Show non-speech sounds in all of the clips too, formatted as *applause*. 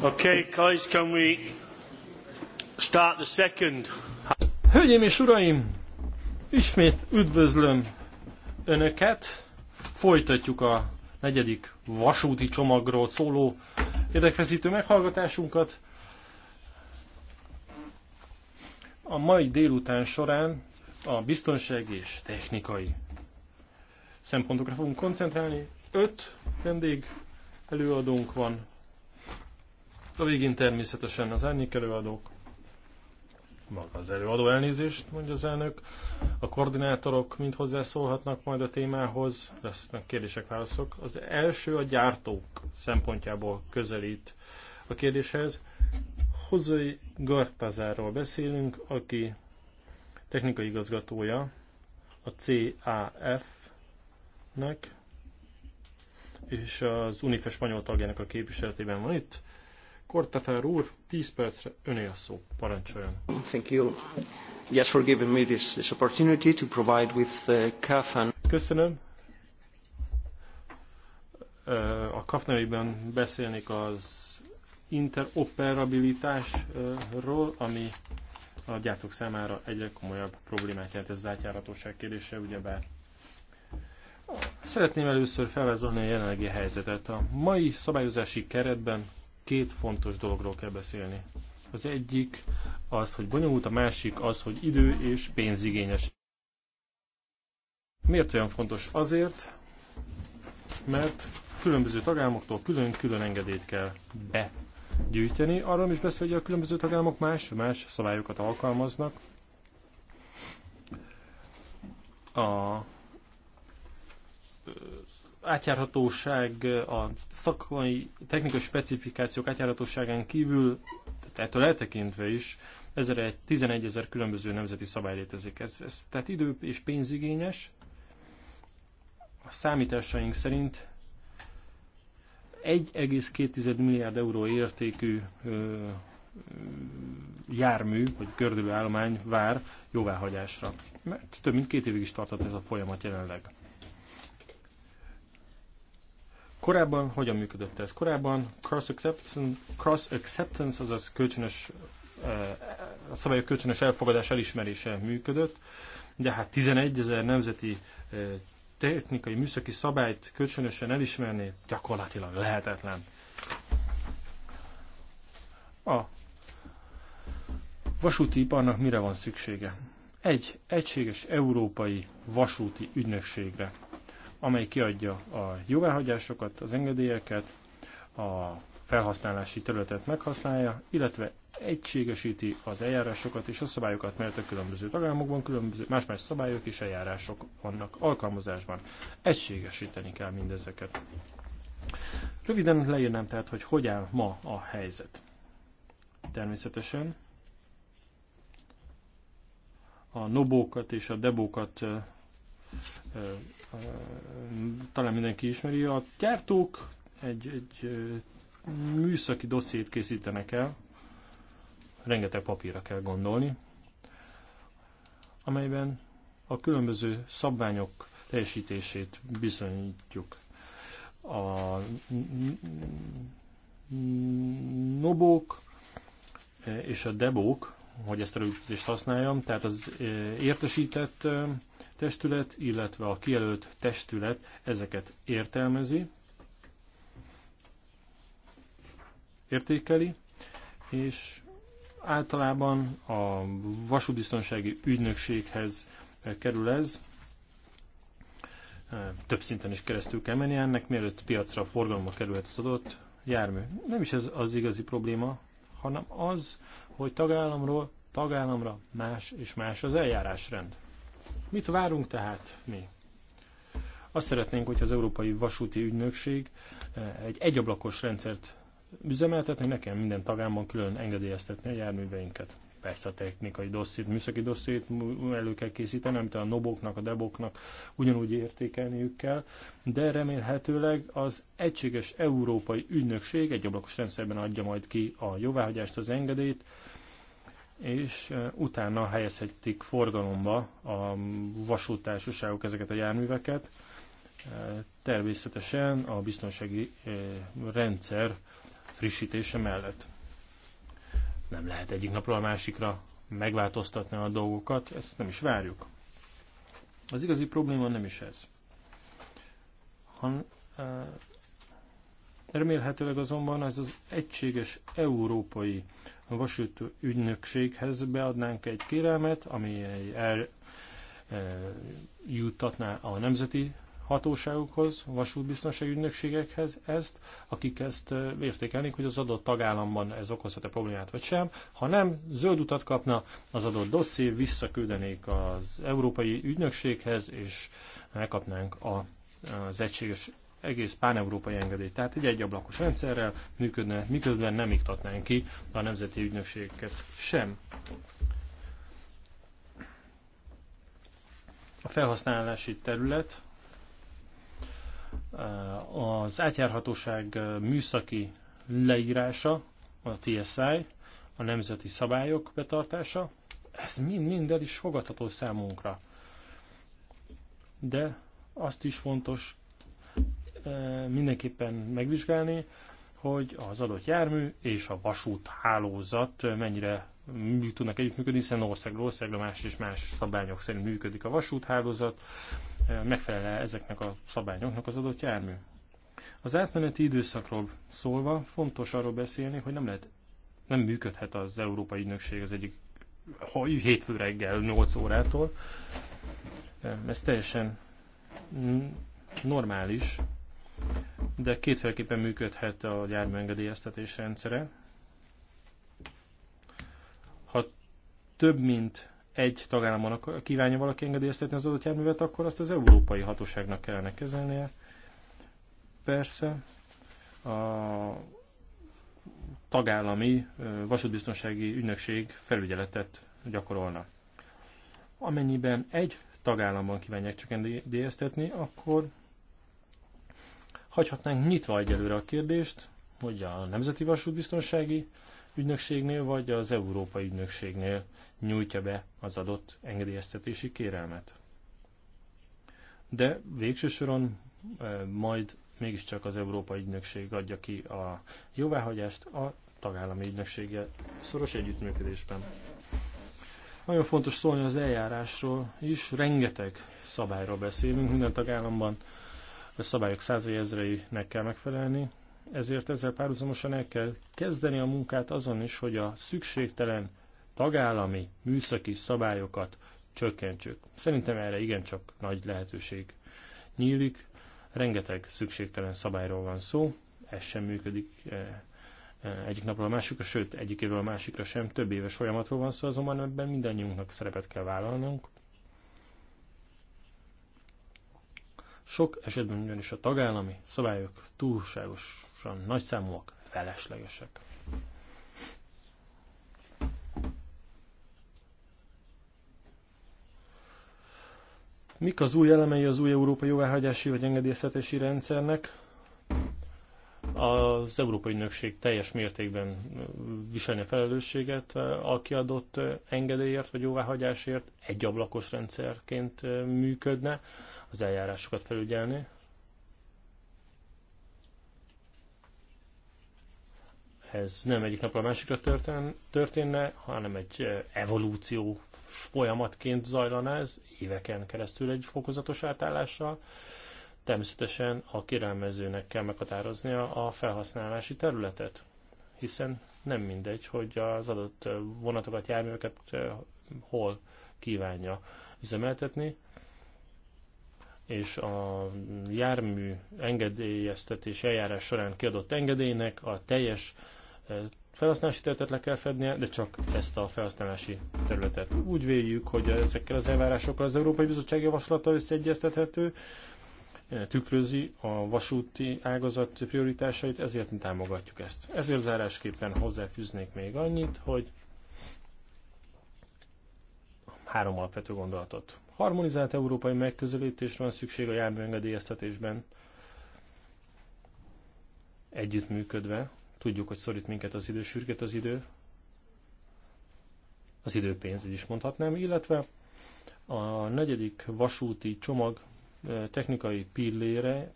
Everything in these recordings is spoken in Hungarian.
Okay, guys, can we start the second? Hölgyeim és uraim, ismét üdvözlöm Önöket. Folytatjuk a negyedik vasúti csomagról szóló érdekfeszítő meghallgatásunkat. A mai délután során a biztonság és technikai szempontokra fogunk koncentrálni. Öt vendég előadónk van, a végén természetesen az árnyék előadók, maga az előadó elnézést, mondja az elnök. A koordinátorok mind hozzászólhatnak majd a témához, lesznek kérdések, válaszok. Az első a gyártók szempontjából közelít a kérdéshez. Hozai Gartazáról beszélünk, aki technikai igazgatója a CAF-nek, és az UNIFE spanyol tagjának a képviseletében van itt. Kortatár úr, 10 percre öné a szó. Parancsoljon. Thank you. Yes, for giving me this, this opportunity to provide with the uh, CAF and... Köszönöm. Uh, a CAF nevében beszélnék az interoperabilitásról, ami a gyártók számára egyre komolyabb problémát jelent ez az átjáratóság kérdése, ugyebár Szeretném először felvázolni a jelenlegi helyzetet. A mai szabályozási keretben két fontos dologról kell beszélni. Az egyik az, hogy bonyolult, a másik az, hogy idő és pénzigényes. Miért olyan fontos? Azért, mert különböző tagállamoktól külön-külön engedélyt kell begyűjteni. Arról is beszél, hogy a különböző tagállamok más, más szabályokat alkalmaznak. A átjárhatóság, a szakmai, technikai specifikációk átjárhatóságán kívül, tehát ettől eltekintve is, 11 ezer különböző nemzeti szabály létezik. Ez, ez tehát idő és pénzigényes. A számításaink szerint 1,2 milliárd euró értékű ö, ö, jármű, vagy állomány vár jóváhagyásra. Mert több mint két évig is tartott ez a folyamat jelenleg. Korábban hogyan működött ez? Korábban cross acceptance, cross acceptance azaz kölcsönös, eh, a szabályok kölcsönös elfogadás elismerése működött, de hát 11 ezer nemzeti eh, technikai, műszaki szabályt kölcsönösen elismerni gyakorlatilag lehetetlen. A vasúti iparnak mire van szüksége? Egy egységes európai vasúti ügynökségre amely kiadja a jóváhagyásokat, az engedélyeket, a felhasználási területet meghasználja, illetve egységesíti az eljárásokat és a szabályokat, mert a különböző tagállamokban különböző más-más szabályok és eljárások vannak alkalmazásban. Egységesíteni kell mindezeket. Röviden leírnám tehát, hogy hogy áll ma a helyzet. Természetesen a nobókat és a debókat talán mindenki ismeri. A gyártók egy, egy műszaki dossziét készítenek el, rengeteg papírra kell gondolni, amelyben a különböző szabványok teljesítését bizonyítjuk. A nobók és a debók, hogy ezt a rögzítést használjam, tehát az értesített testület, illetve a kijelölt testület ezeket értelmezi, értékeli, és általában a vasúbiztonsági ügynökséghez kerül ez, több szinten is keresztül kell menni ennek, mielőtt piacra forgalomba kerülhet az adott jármű. Nem is ez az igazi probléma, hanem az, hogy tagállamról tagállamra más és más az eljárásrend. Mit várunk tehát mi? Azt szeretnénk, hogy az Európai Vasúti Ügynökség eh, egy egyablakos rendszert üzemeltetni, nekem minden tagámban külön engedélyeztetni a járműveinket. Persze a technikai dosszét, műszaki dosszét elő kell készíteni, amit a noboknak, a deboknak ugyanúgy értékelniük kell, de remélhetőleg az egységes európai ügynökség egy ablakos rendszerben adja majd ki a jóváhagyást, az engedélyt, és utána helyezhetik forgalomba a vasútársaságok ezeket a járműveket. Természetesen a biztonsági rendszer frissítése mellett. Nem lehet egyik napról a másikra megváltoztatni a dolgokat, ezt nem is várjuk. Az igazi probléma nem is ez. Han, Remélhetőleg azonban ez az egységes európai vasút ügynökséghez beadnánk egy kérelmet, ami eljuttatná e, a nemzeti hatóságokhoz, vasútbiztonsági ügynökségekhez ezt, akik ezt e, értékelnék, hogy az adott tagállamban ez okozhat-e problémát vagy sem. Ha nem, zöld utat kapna az adott dosszié, visszaküldenék az európai ügynökséghez, és megkapnánk a, az egységes egész pán-európai engedély, tehát egy egyablakos rendszerrel működne, miközben nem iktatnánk ki a nemzeti ügynökségeket sem. A felhasználási terület eh, az átjárhatóság eh, műszaki leírása, a TSI, a nemzeti szabályok betartása, ez mind-mind el is fogadható számunkra. De azt is fontos mindenképpen megvizsgálni, hogy az adott jármű és a vasúthálózat mennyire műk tudnak együttműködni, hiszen országról országra más és más szabályok szerint működik a vasúthálózat, megfelel ezeknek a szabályoknak az adott jármű. Az átmeneti időszakról szólva fontos arról beszélni, hogy nem lehet, nem működhet az Európai Ügynökség az egyik ha hétfő reggel 8 órától. Ez teljesen normális, de kétféleképpen működhet a járműengedélyeztetés rendszere. Ha több mint egy tagállamon kívánja valaki engedélyeztetni az adott járművet, akkor azt az európai hatóságnak kellene kezelnie. Persze a tagállami vasútbiztonsági ügynökség felügyeletet gyakorolna. Amennyiben egy tagállamban kívánják csak engedélyeztetni, akkor Hagyhatnánk nyitva egyelőre a kérdést, hogy a Nemzeti Vasútbiztonsági Ügynökségnél vagy az Európai Ügynökségnél nyújtja be az adott engedélyeztetési kérelmet. De végső soron majd mégiscsak az Európai Ügynökség adja ki a jóváhagyást a tagállami ügynökséggel szoros együttműködésben. Nagyon fontos szólni az eljárásról is, rengeteg szabályról beszélünk minden tagállamban, a szabályok százai ezreinek kell megfelelni, ezért ezzel párhuzamosan el kell kezdeni a munkát azon is, hogy a szükségtelen tagállami műszaki szabályokat csökkentsük. Szerintem erre igencsak nagy lehetőség nyílik. Rengeteg szükségtelen szabályról van szó, ez sem működik eh, eh, egyik napról a másikra, sőt egyik évről a másikra sem, több éves folyamatról van szó, azonban ebben mindannyiunknak szerepet kell vállalnunk. Sok esetben ugyanis a tagállami szabályok túlságosan nagyszámúak, feleslegesek. Mik az új elemei az új európai jóváhagyási vagy engedélyezhetési rendszernek? Az Európai nökség teljes mértékben viselni a felelősséget a kiadott engedélyért vagy jóváhagyásért, egy ablakos rendszerként működne az eljárásokat felügyelni. Ez nem egyik napra a másikra történ történne, hanem egy evolúció folyamatként zajlana ez, éveken keresztül egy fokozatos átállással. Természetesen a kérelmezőnek kell meghatároznia a felhasználási területet, hiszen nem mindegy, hogy az adott vonatokat, járműveket hol kívánja üzemeltetni és a jármű engedélyeztetés eljárás során kiadott engedélynek a teljes eh, felhasználási területet le kell fednie, de csak ezt a felhasználási területet. Úgy véljük, hogy ezekkel az elvárásokkal az Európai Bizottság javaslata összeegyeztethető, eh, tükrözi a vasúti ágazat prioritásait, ezért mi támogatjuk ezt. Ezért zárásképpen hozzáfűznék még annyit, hogy három alapvető gondolatot Harmonizált európai megközelítésre van szükség a járműengedélyeztetésben. Együttműködve, tudjuk, hogy szorít minket az idő, sürget az idő, az időpénz, így is mondhatnám, illetve a negyedik vasúti csomag eh, technikai pillére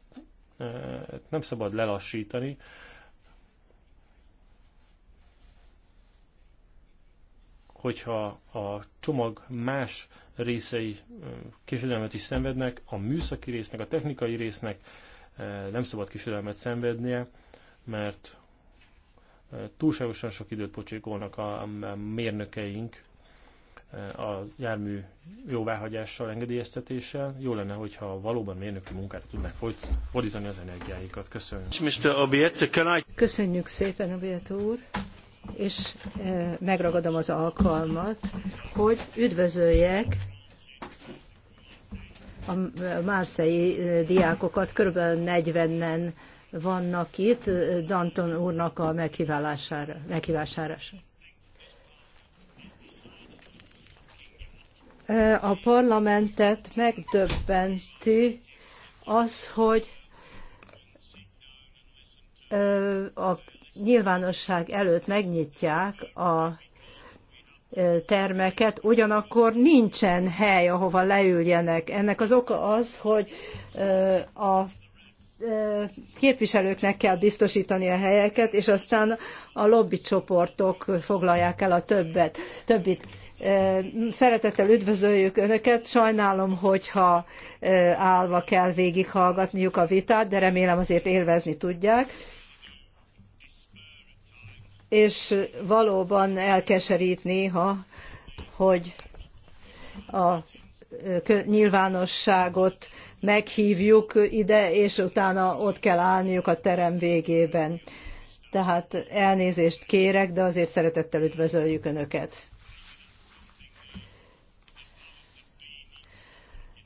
eh, nem szabad lelassítani, hogyha a csomag más részei kísérelmet is szenvednek, a műszaki résznek, a technikai résznek nem szabad kísérelmet szenvednie, mert túlságosan sok időt pocsékolnak a mérnökeink a jármű jóváhagyással, engedélyeztetéssel. Jó lenne, hogyha valóban mérnöki munkára tudnák fordítani az energiáikat. Köszönöm. Köszönjük szépen, Obiet úr és megragadom az alkalmat, hogy üdvözöljek a márszei diákokat, kb. 40-en vannak itt Danton úrnak a meghívására. A parlamentet megdöbbenti az, hogy a nyilvánosság előtt megnyitják a termeket, ugyanakkor nincsen hely, ahova leüljenek. Ennek az oka az, hogy a képviselőknek kell biztosítani a helyeket, és aztán a lobby csoportok foglalják el a többet, többit. Szeretettel üdvözöljük Önöket, sajnálom, hogyha állva kell végighallgatniuk a vitát, de remélem azért élvezni tudják és valóban elkeserít ha hogy a nyilvánosságot meghívjuk ide, és utána ott kell állniuk a terem végében. Tehát elnézést kérek, de azért szeretettel üdvözöljük Önöket.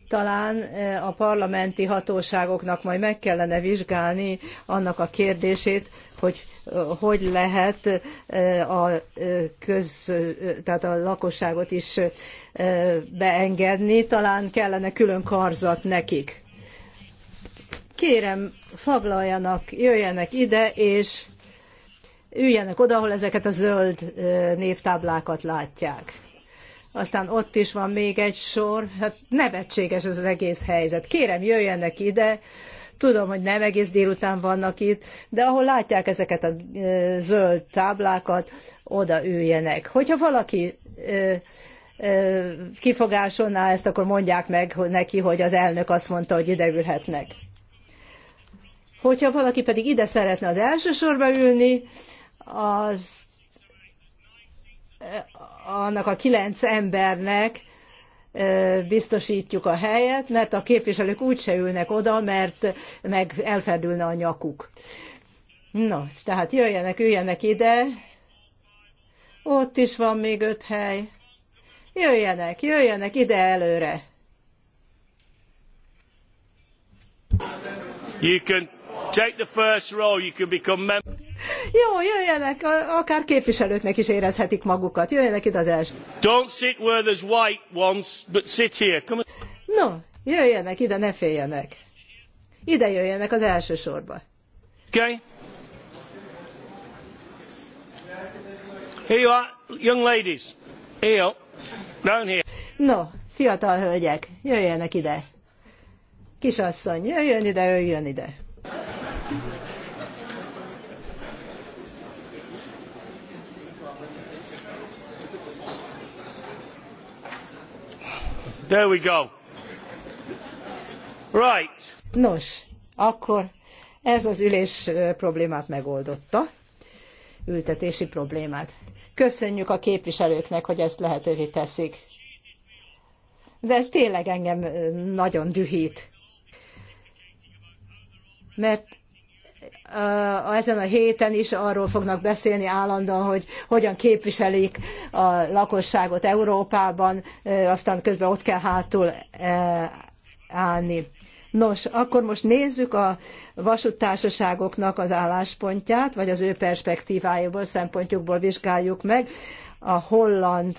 talán eh, a parlamenti hatóságoknak majd meg kellene vizsgálni annak a kérdését, hogy eh, hogy lehet eh, a, köz, tehát a lakosságot is beengedni, talán kellene külön karzat nekik. Kérem, foglaljanak, jöjjenek ide, és üljenek oda, ahol ezeket a zöld névtáblákat látják aztán ott is van még egy sor, hát nevetséges ez az egész helyzet. Kérem, jöjjenek ide, tudom, hogy nem egész délután vannak itt, de ahol látják ezeket a zöld táblákat, oda üljenek. Hogyha valaki kifogásolná ezt, akkor mondják meg neki, hogy az elnök azt mondta, hogy ide ülhetnek. Hogyha valaki pedig ide szeretne az első sorba ülni, az annak a kilenc embernek biztosítjuk a helyet, mert a képviselők úgyse ülnek oda, mert meg elferdülne a nyakuk. Na, tehát jöjjenek, üljenek ide. Ott is van még öt hely. Jöjjenek, jöjjenek ide előre. You can take the first row, you can become member. Jó, jöjjenek, akár képviselőknek is érezhetik magukat. Jöjjenek ide az első. Don't sit where there's white ones, but sit here. Come on. No, jöjjenek ide, ne féljenek. Ide jöjjenek az első sorba. Okay. Here you are, young ladies. Here. You Down here. No, fiatal hölgyek, jöjjenek ide. Kisasszony, jöjjön ide, jöjjön ide. There we go. Right. Nos, akkor ez az ülés problémát megoldotta, ültetési problémát. Köszönjük a képviselőknek, hogy ezt lehetővé teszik. De ez tényleg engem nagyon dühít. Mert ezen a héten is arról fognak beszélni állandóan, hogy hogyan képviselik a lakosságot Európában, aztán közben ott kell hátul állni. Nos, akkor most nézzük a vasúttársaságoknak az álláspontját, vagy az ő perspektívájából, szempontjukból vizsgáljuk meg. A holland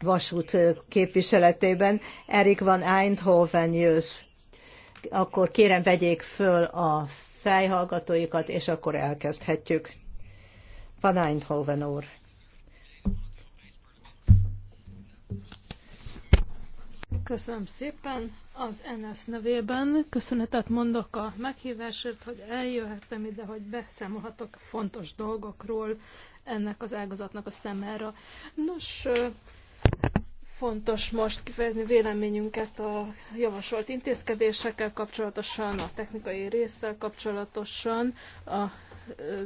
vasút képviseletében Erik van Eindhoven jössz. Akkor kérem vegyék föl a fejhallgatóikat, és akkor elkezdhetjük. Van Eindhoven úr. Köszönöm szépen. Az NS nevében köszönetet mondok a meghívásért, hogy eljöhettem ide, hogy beszámolhatok fontos dolgokról ennek az ágazatnak a szemára. Nos, Fontos most kifejezni véleményünket a javasolt intézkedésekkel kapcsolatosan, a technikai résszel kapcsolatosan, a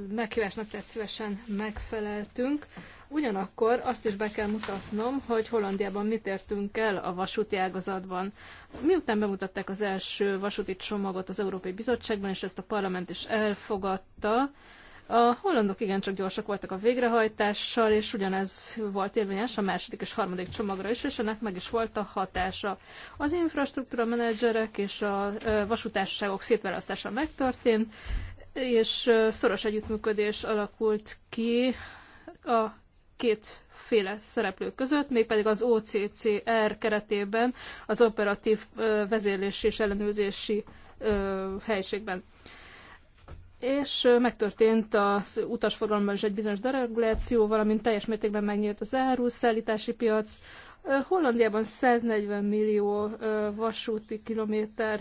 meghívásnak tehát szívesen megfeleltünk. Ugyanakkor azt is be kell mutatnom, hogy Hollandiában mit értünk el a vasúti ágazatban. Miután bemutatták az első vasúti csomagot az Európai Bizottságban, és ezt a parlament is elfogadta, a hollandok igencsak gyorsak voltak a végrehajtással, és ugyanez volt érvényes a második és harmadik csomagra is, és ennek meg is volt a hatása. Az infrastruktúra menedzserek és a vasútársaságok szétválasztása megtörtént, és szoros együttműködés alakult ki a két féle szereplő között, mégpedig az OCCR keretében, az operatív vezérlési és ellenőrzési helységben és megtörtént az utasforgalomban is egy bizonyos dereguláció, valamint teljes mértékben megnyílt az áruszállítási piac. Hollandiában 140 millió vasúti kilométer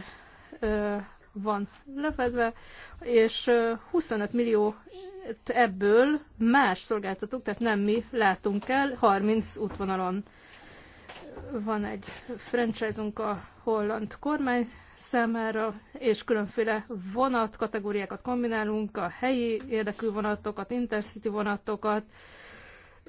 van lefedve, és 25 millió ebből más szolgáltatók, tehát nem mi látunk el 30 útvonalon. Van egy franchise-unk a holland kormány számára, és különféle vonat kategóriákat kombinálunk, a helyi érdekű vonatokat, intercity vonatokat,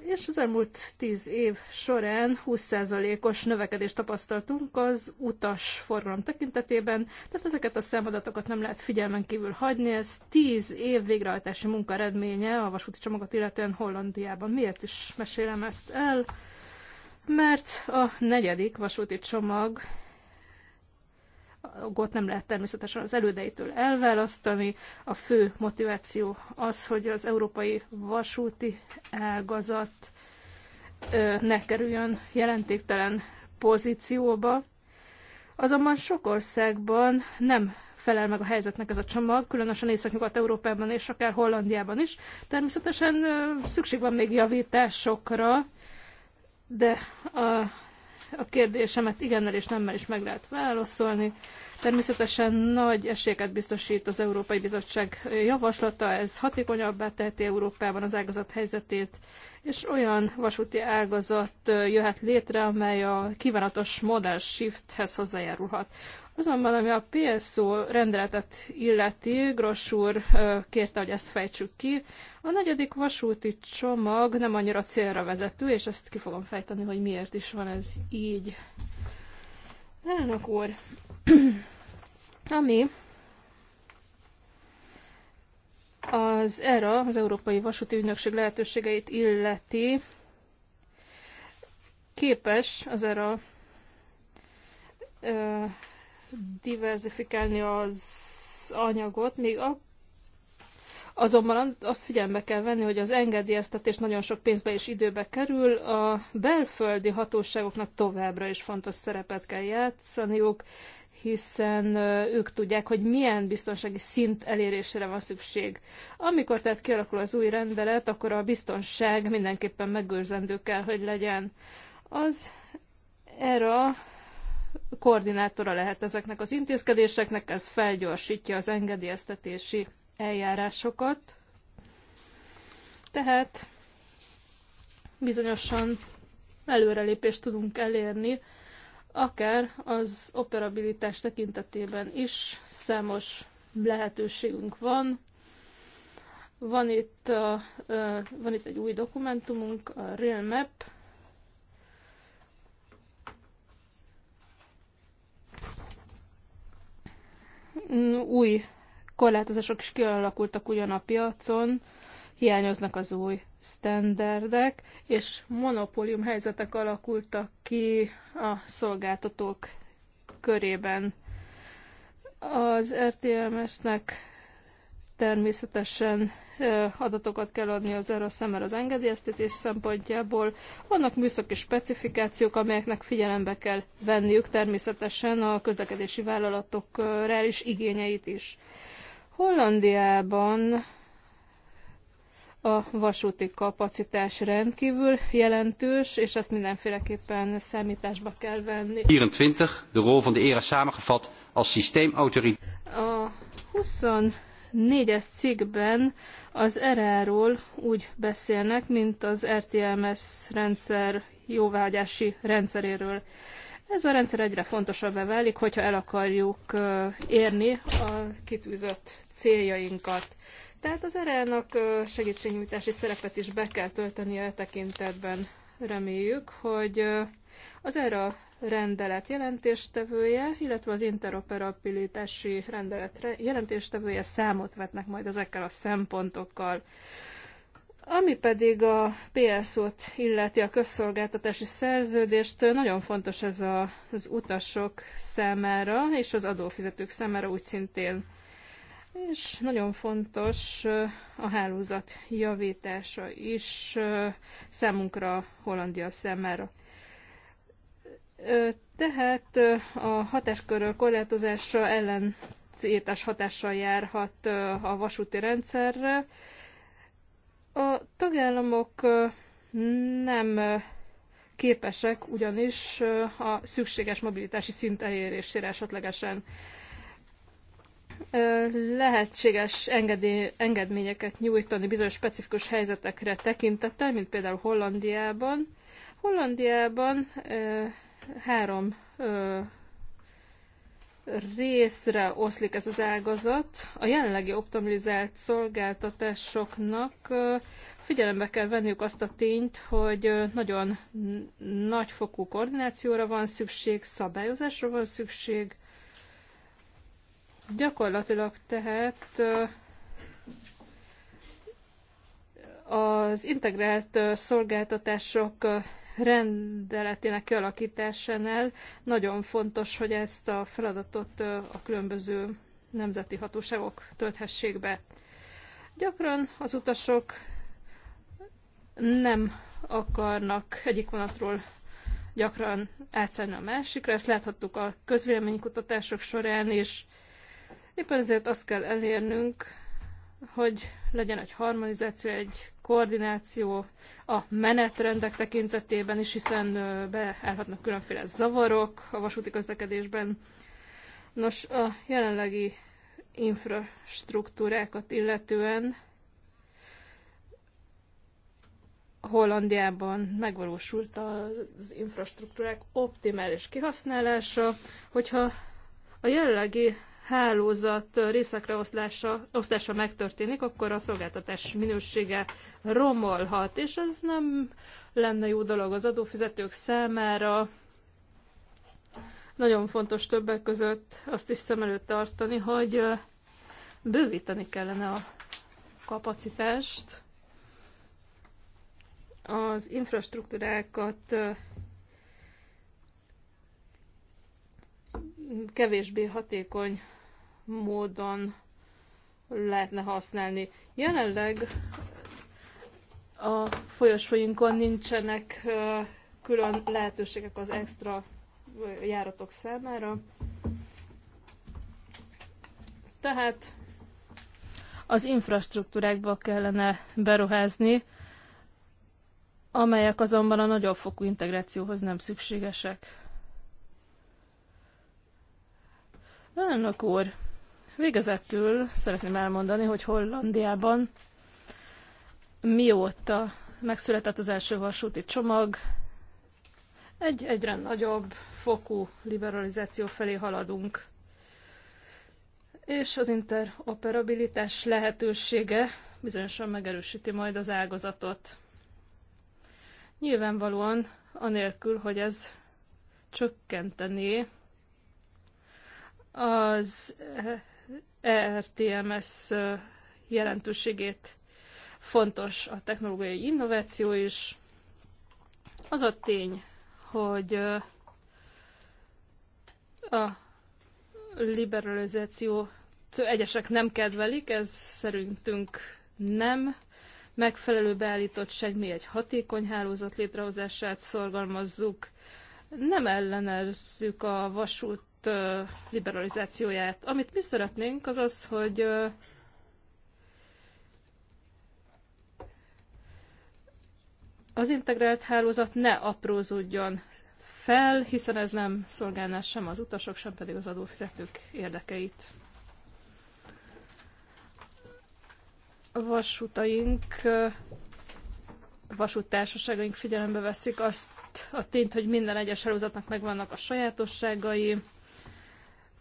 és az elmúlt 10 év során 20%-os növekedést tapasztaltunk az utas forgalom tekintetében, tehát ezeket a számadatokat nem lehet figyelmen kívül hagyni, ez 10 év végrehajtási munka eredménye a vasúti csomagot illetően Hollandiában. Miért is mesélem ezt el? mert a negyedik vasúti csomag ott nem lehet természetesen az elődeitől elválasztani. A fő motiváció az, hogy az európai vasúti ágazat ne kerüljön jelentéktelen pozícióba. Azonban sok országban nem felel meg a helyzetnek ez a csomag, különösen Észak-Nyugat-Európában és akár Hollandiában is. Természetesen szükség van még javításokra, de a, a kérdésemet igennel és nemmel is meg lehet válaszolni. Természetesen nagy esélyeket biztosít az Európai Bizottság javaslata, ez hatékonyabbá teheti Európában az ágazat helyzetét, és olyan vasúti ágazat jöhet létre, amely a kívánatos modern shifthez hozzájárulhat. Azonban, ami a PSO rendeletet illeti, Gross úr kérte, hogy ezt fejtsük ki. A negyedik vasúti csomag nem annyira célra vezető, és ezt ki fogom fejteni, hogy miért is van ez így. Elnök úr, *clears throat* ami az ERA, az Európai Vasúti Ügynökség lehetőségeit illeti, képes az ERA diversifikálni az anyagot, még a, azonban azt figyelme kell venni, hogy az engedélyeztetés nagyon sok pénzbe és időbe kerül, a belföldi hatóságoknak továbbra is fontos szerepet kell játszaniuk, hiszen ők tudják, hogy milyen biztonsági szint elérésére van szükség. Amikor tehát kialakul az új rendelet, akkor a biztonság mindenképpen megőrzendő kell, hogy legyen. Az erre koordinátora lehet ezeknek az intézkedéseknek, ez felgyorsítja az engedélyeztetési eljárásokat. Tehát bizonyosan előrelépést tudunk elérni, akár az operabilitás tekintetében is számos lehetőségünk van. Van itt, a, van itt egy új dokumentumunk, a Real Map, új korlátozások is kialakultak ugyan a piacon, hiányoznak az új standardek, és monopólium helyzetek alakultak ki a szolgáltatók körében. Az RTMS-nek természetesen adatokat kell adni az erre szemmel az engedélyeztetés szempontjából. Vannak műszaki specifikációk, amelyeknek figyelembe kell venniük természetesen a közlekedési vállalatok reális igényeit is. Hollandiában a vasúti kapacitás rendkívül jelentős, és ezt mindenféleképpen számításba kell venni. 24, de rol van de ERA samengevat als systeemautoriteit. A 20 négyes cikkben az RR-ról úgy beszélnek, mint az RTMS rendszer jóvágyási rendszeréről. Ez a rendszer egyre fontosabbá válik, hogyha el akarjuk érni a kitűzött céljainkat. Tehát az RR-nak segítségnyújtási szerepet is be kell tölteni a e tekintetben. Reméljük, hogy az erre a rendelet jelentéstevője, illetve az interoperabilitási rendelet jelentéstevője számot vetnek majd ezekkel a szempontokkal. Ami pedig a PSO-t illeti a közszolgáltatási szerződést, nagyon fontos ez a, az utasok számára, és az adófizetők számára úgy szintén. És nagyon fontos a hálózat javítása is számunkra, Hollandia számára. Tehát a hatáskör korlátozása Szétes hatással járhat a vasúti rendszerre. A tagállamok nem képesek ugyanis a szükséges mobilitási szint elérésére esetlegesen lehetséges engedményeket nyújtani bizonyos specifikus helyzetekre tekintettel, mint például Hollandiában. Hollandiában három ö, részre oszlik ez az ágazat. A jelenlegi optimalizált szolgáltatásoknak figyelembe kell venniük azt a tényt, hogy nagyon nagyfokú koordinációra van szükség, szabályozásra van szükség. Gyakorlatilag tehát az integrált szolgáltatások rendeletének kialakításánál nagyon fontos, hogy ezt a feladatot a különböző nemzeti hatóságok tölthessék be. Gyakran az utasok nem akarnak egyik vonatról gyakran átszállni a másikra, ezt láthattuk a közvéleménykutatások során is. Éppen ezért azt kell elérnünk, hogy legyen egy harmonizáció, egy koordináció a menetrendek tekintetében is, hiszen beállhatnak különféle zavarok a vasúti közlekedésben. Nos, a jelenlegi infrastruktúrákat illetően Hollandiában megvalósult az infrastruktúrák optimális kihasználása, hogyha a jelenlegi hálózat részekre oszlása, oszlása megtörténik, akkor a szolgáltatás minősége romolhat, és ez nem lenne jó dolog az adófizetők számára. Nagyon fontos többek között azt is szem előtt tartani, hogy bővíteni kellene a kapacitást, az infrastruktúrákat kevésbé hatékony módon lehetne használni. Jelenleg a folyosóinkon nincsenek külön lehetőségek az extra járatok számára. Tehát az infrastruktúrákba kellene beruházni, amelyek azonban a nagyobb fokú integrációhoz nem szükségesek. Önök úr, Végezetül szeretném elmondani, hogy Hollandiában mióta megszületett az első vasúti csomag, egy egyre nagyobb fokú liberalizáció felé haladunk. És az interoperabilitás lehetősége bizonyosan megerősíti majd az ágazatot. Nyilvánvalóan, anélkül, hogy ez csökkentené az ERTMS jelentőségét. Fontos a technológiai innováció is. Az a tény, hogy a liberalizáció egyesek nem kedvelik, ez szerintünk nem megfelelő beállítottság, mi egy hatékony hálózat létrehozását szorgalmazzuk, nem ellenezzük a vasút piac liberalizációját. Amit mi szeretnénk, az az, hogy az integrált hálózat ne aprózódjon fel, hiszen ez nem szolgálná sem az utasok, sem pedig az adófizetők érdekeit. A vasutaink, vasúttársaságaink figyelembe veszik azt a tényt, hogy minden egyes hálózatnak megvannak a sajátosságai,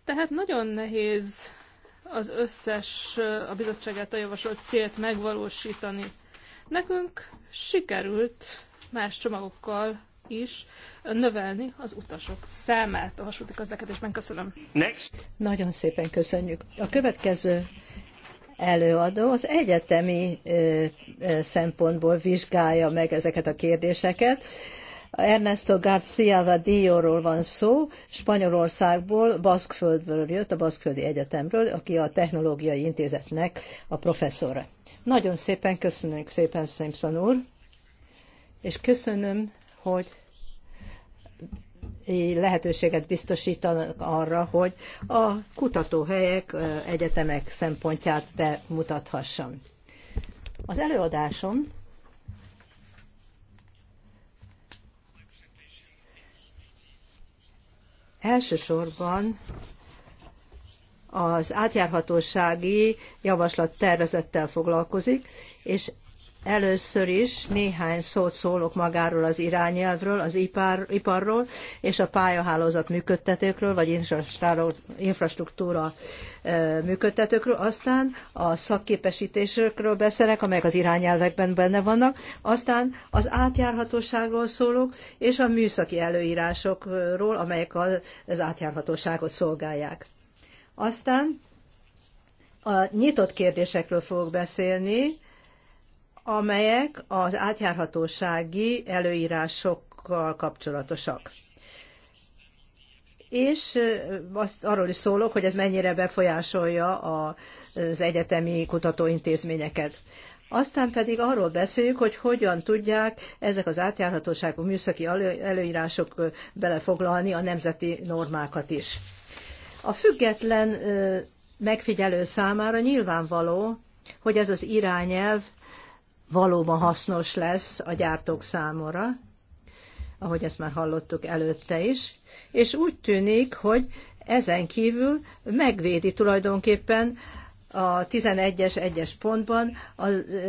tehát nagyon nehéz az összes a bizottság által javasolt célt megvalósítani. Nekünk sikerült más csomagokkal is növelni az utasok számát a vasúti közlekedésben. Köszönöm. Next. Nagyon szépen köszönjük. A következő előadó az egyetemi szempontból vizsgálja meg ezeket a kérdéseket Ernesto García Vadillo-ról van szó, Spanyolországból, Baszkföldről jött, a Baszkföldi Egyetemről, aki a Technológiai Intézetnek a professzora. Nagyon szépen köszönjük szépen, Simpson úr, és köszönöm, hogy lehetőséget biztosítanak arra, hogy a kutatóhelyek, egyetemek szempontját bemutathassam. Az előadásom Elsősorban az átjárhatósági javaslat tervezettel foglalkozik, és Először is néhány szót szólok magáról az irányelvről, az ipar, iparról és a pályahálózat működtetőkről, vagy infrastruktúra működtetőkről. Aztán a szakképesítésekről beszélek, amelyek az irányelvekben benne vannak. Aztán az átjárhatóságról szólok, és a műszaki előírásokról, amelyek az átjárhatóságot szolgálják. Aztán a nyitott kérdésekről fogok beszélni, amelyek az átjárhatósági előírásokkal kapcsolatosak. És azt arról is szólok, hogy ez mennyire befolyásolja az egyetemi kutatóintézményeket. Aztán pedig arról beszéljük, hogy hogyan tudják ezek az átjárhatóságú műszaki előírások belefoglalni a nemzeti normákat is. A független megfigyelő számára nyilvánvaló, hogy ez az irányelv valóban hasznos lesz a gyártók számára, ahogy ezt már hallottuk előtte is, és úgy tűnik, hogy ezen kívül megvédi tulajdonképpen a 11-es egyes pontban a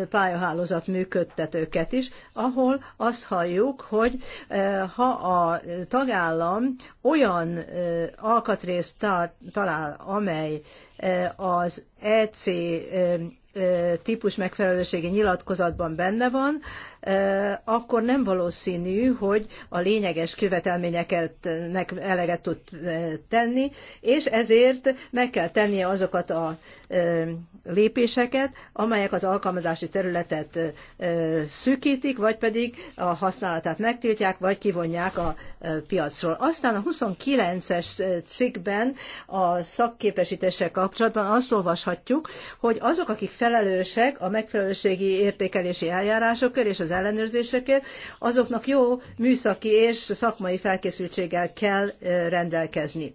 pályahálózat működtetőket is, ahol azt halljuk, hogy ha a tagállam olyan alkatrészt talál, amely az EC típus megfelelőségi nyilatkozatban benne van, akkor nem valószínű, hogy a lényeges követelményeknek eleget tud tenni, és ezért meg kell tennie azokat a lépéseket, amelyek az alkalmazási területet szűkítik, vagy pedig a használatát megtiltják, vagy kivonják a piacról. Aztán a 29-es cikkben a szakképesítéssel kapcsolatban azt olvashatjuk, hogy azok, akik felelősek a megfelelőségi értékelési eljárásokért és az az ellenőrzésekért, azoknak jó műszaki és szakmai felkészültséggel kell rendelkezni.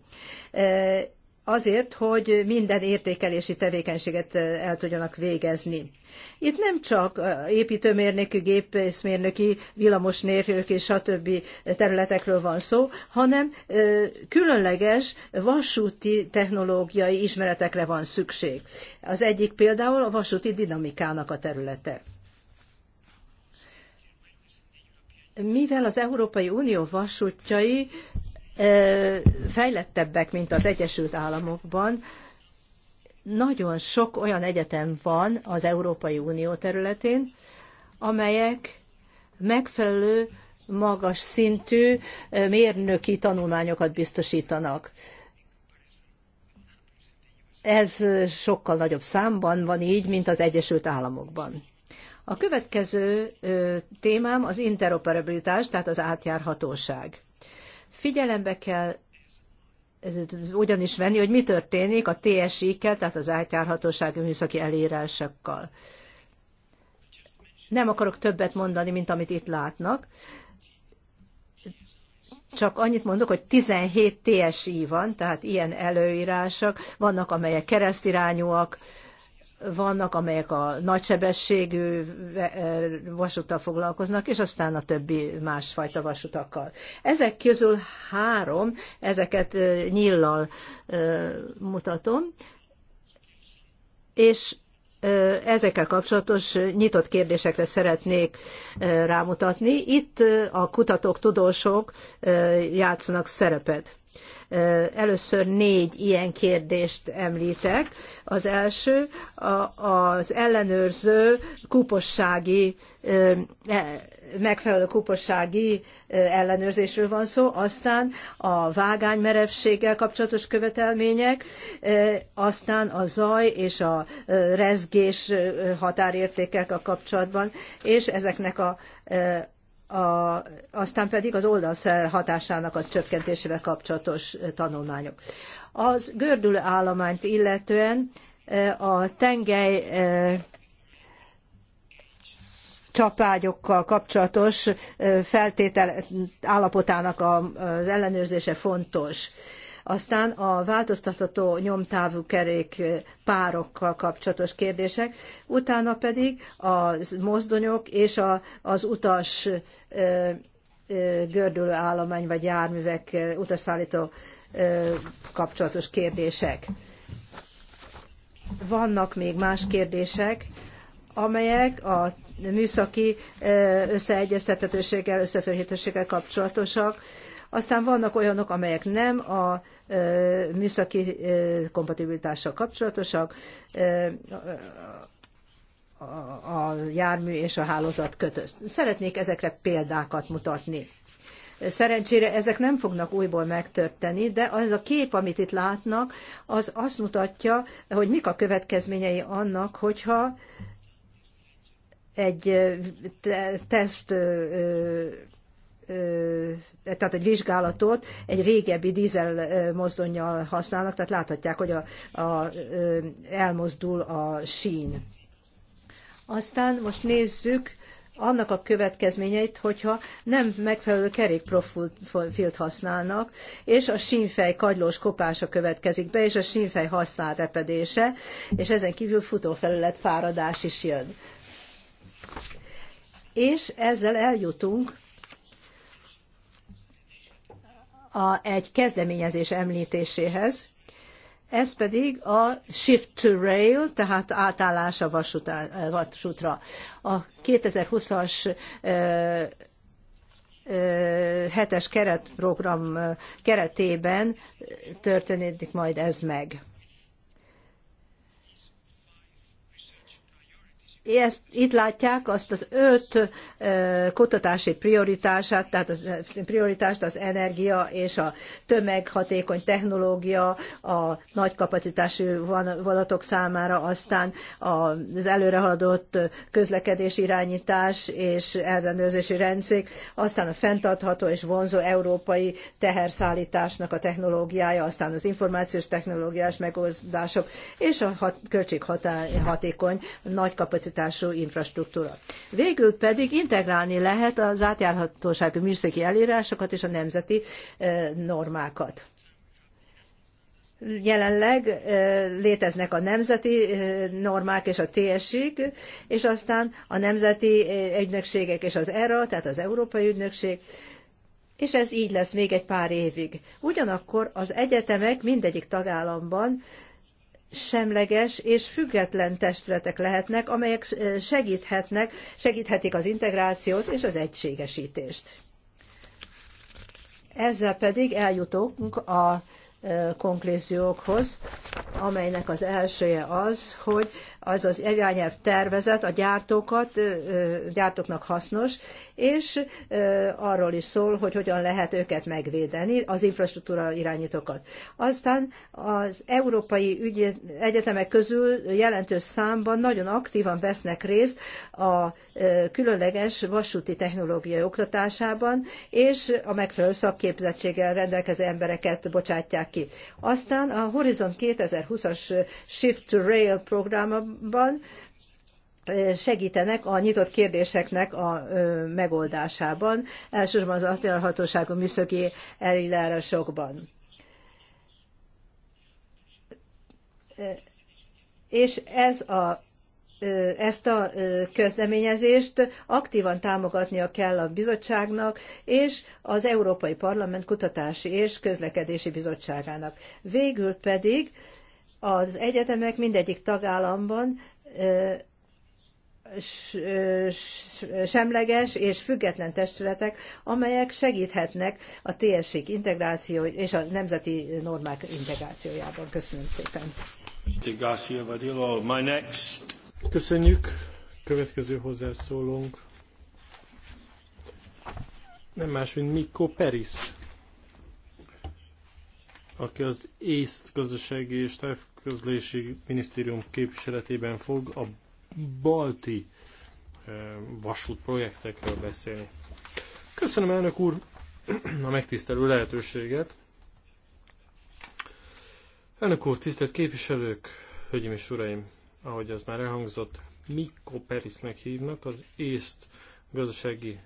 Azért, hogy minden értékelési tevékenységet el tudjanak végezni. Itt nem csak építőmérnöki, gépészmérnöki, villamosmérnöki, stb. területekről van szó, hanem különleges vasúti technológiai ismeretekre van szükség. Az egyik például a vasúti dinamikának a területe. mivel az Európai Unió vasútjai fejlettebbek, mint az Egyesült Államokban, nagyon sok olyan egyetem van az Európai Unió területén, amelyek megfelelő magas szintű mérnöki tanulmányokat biztosítanak. Ez sokkal nagyobb számban van így, mint az Egyesült Államokban. A következő témám az interoperabilitás, tehát az átjárhatóság. Figyelembe kell ugyanis venni, hogy mi történik a TSI-kkel, tehát az átjárhatósági műszaki elírásokkal. Nem akarok többet mondani, mint amit itt látnak. Csak annyit mondok, hogy 17 TSI van, tehát ilyen előírások, vannak amelyek keresztirányúak, vannak, amelyek a nagysebességű vasúttal foglalkoznak, és aztán a többi másfajta vasutakkal. Ezek közül három, ezeket nyillal mutatom, és ezekkel kapcsolatos nyitott kérdésekre szeretnék rámutatni. Itt a kutatók, tudósok játszanak szerepet Először négy ilyen kérdést említek. Az első az ellenőrző kupossági, e, megfelelő kupossági ellenőrzésről van szó, aztán a vágánymerevséggel kapcsolatos követelmények, aztán a zaj és a rezgés határértékekkel kapcsolatban, és ezeknek a a, aztán pedig az oldalszer hatásának a csökkentésével kapcsolatos tanulmányok. Az gördülő állományt illetően e, a tengely e, csapágyokkal kapcsolatos e, feltétel állapotának az ellenőrzése fontos. Aztán a változtatható nyomtávú kerék eh, párokkal kapcsolatos kérdések, utána pedig a mozdonyok és a, az utas eh, eh, gördülő állomány vagy járművek utasszállító kapcsolatos kérdések. Vannak még más kérdések, amelyek a műszaki összeegyeztethetőséggel, összeférhetőséggel kapcsolatosak, aztán vannak olyanok, amelyek nem a műszaki kompatibilitással kapcsolatosak, a jármű és a hálózat kötöz. Szeretnék ezekre példákat mutatni. Szerencsére ezek nem fognak újból megtörténni, de az a kép, amit itt látnak, az azt mutatja, hogy mik a következményei annak, hogyha egy teszt tehát egy vizsgálatot egy régebbi dízel mozdonyjal használnak, tehát láthatják, hogy a, a, elmozdul a sín. Aztán most nézzük annak a következményeit, hogyha nem megfelelő kerékprofilt használnak, és a sínfej kagylós kopása következik be, és a sínfej használ repedése, és ezen kívül futófelület fáradás is jön. És ezzel eljutunk a, egy kezdeményezés említéséhez, ez pedig a shift to rail, tehát átállás a vasútra. A 2020-as hetes keretprogram keretében történik majd ez meg. Ezt, itt látják azt az öt kutatási prioritását, tehát az prioritást az energia és a tömeghatékony technológia, a nagy kapacitású vonatok számára, aztán az előrehaladott közlekedés irányítás és ellenőrzési rendszék, aztán a fenntartható és vonzó európai teherszállításnak a technológiája, aztán az információs technológiás megoldások és a hat, költséghatékony nagy kapacitású kapacitású infrastruktúra. Végül pedig integrálni lehet az átjárhatósági műszaki elírásokat és a nemzeti normákat. Jelenleg léteznek a nemzeti normák és a TSI-k, és aztán a nemzeti ügynökségek és az ERA, tehát az Európai Ügynökség, és ez így lesz még egy pár évig. Ugyanakkor az egyetemek mindegyik tagállamban semleges és független testületek lehetnek, amelyek eh, segíthetnek, segíthetik az integrációt és az egységesítést. Ezzel pedig eljutunk a eh, konklúziókhoz, amelynek az elsője az, hogy az az irányelv tervezet a gyártókat, gyártóknak hasznos, és arról is szól, hogy hogyan lehet őket megvédeni, az infrastruktúra irányítókat. Aztán az európai ügy, egyetemek közül jelentős számban nagyon aktívan vesznek részt a különleges vasúti technológiai oktatásában, és a megfelelő szakképzettséggel rendelkező embereket bocsátják ki. Aztán a Horizon 2020-as Shift to Rail programban Európában segítenek a nyitott kérdéseknek a megoldásában, elsősorban az asztalhatóságú műszaki elillárásokban. És ez a ezt a közleményezést aktívan támogatnia kell a bizottságnak és az Európai Parlament Kutatási és Közlekedési Bizottságának. Végül pedig az egyetemek mindegyik tagállamban semleges és független testületek, amelyek segíthetnek a térség integráció és a nemzeti normák integrációjában. Köszönöm szépen. Köszönjük. Következő hozzászólónk. Nem más, mint Mikko Peris, aki az észt gazdasági és közlési minisztérium képviseletében fog a balti eh, vasút projektekről beszélni. Köszönöm elnök úr a megtisztelő lehetőséget. Elnök úr, tisztelt képviselők, hölgyeim és uraim, ahogy az már elhangzott, Mikko Perisnek hívnak, az észt gazdasági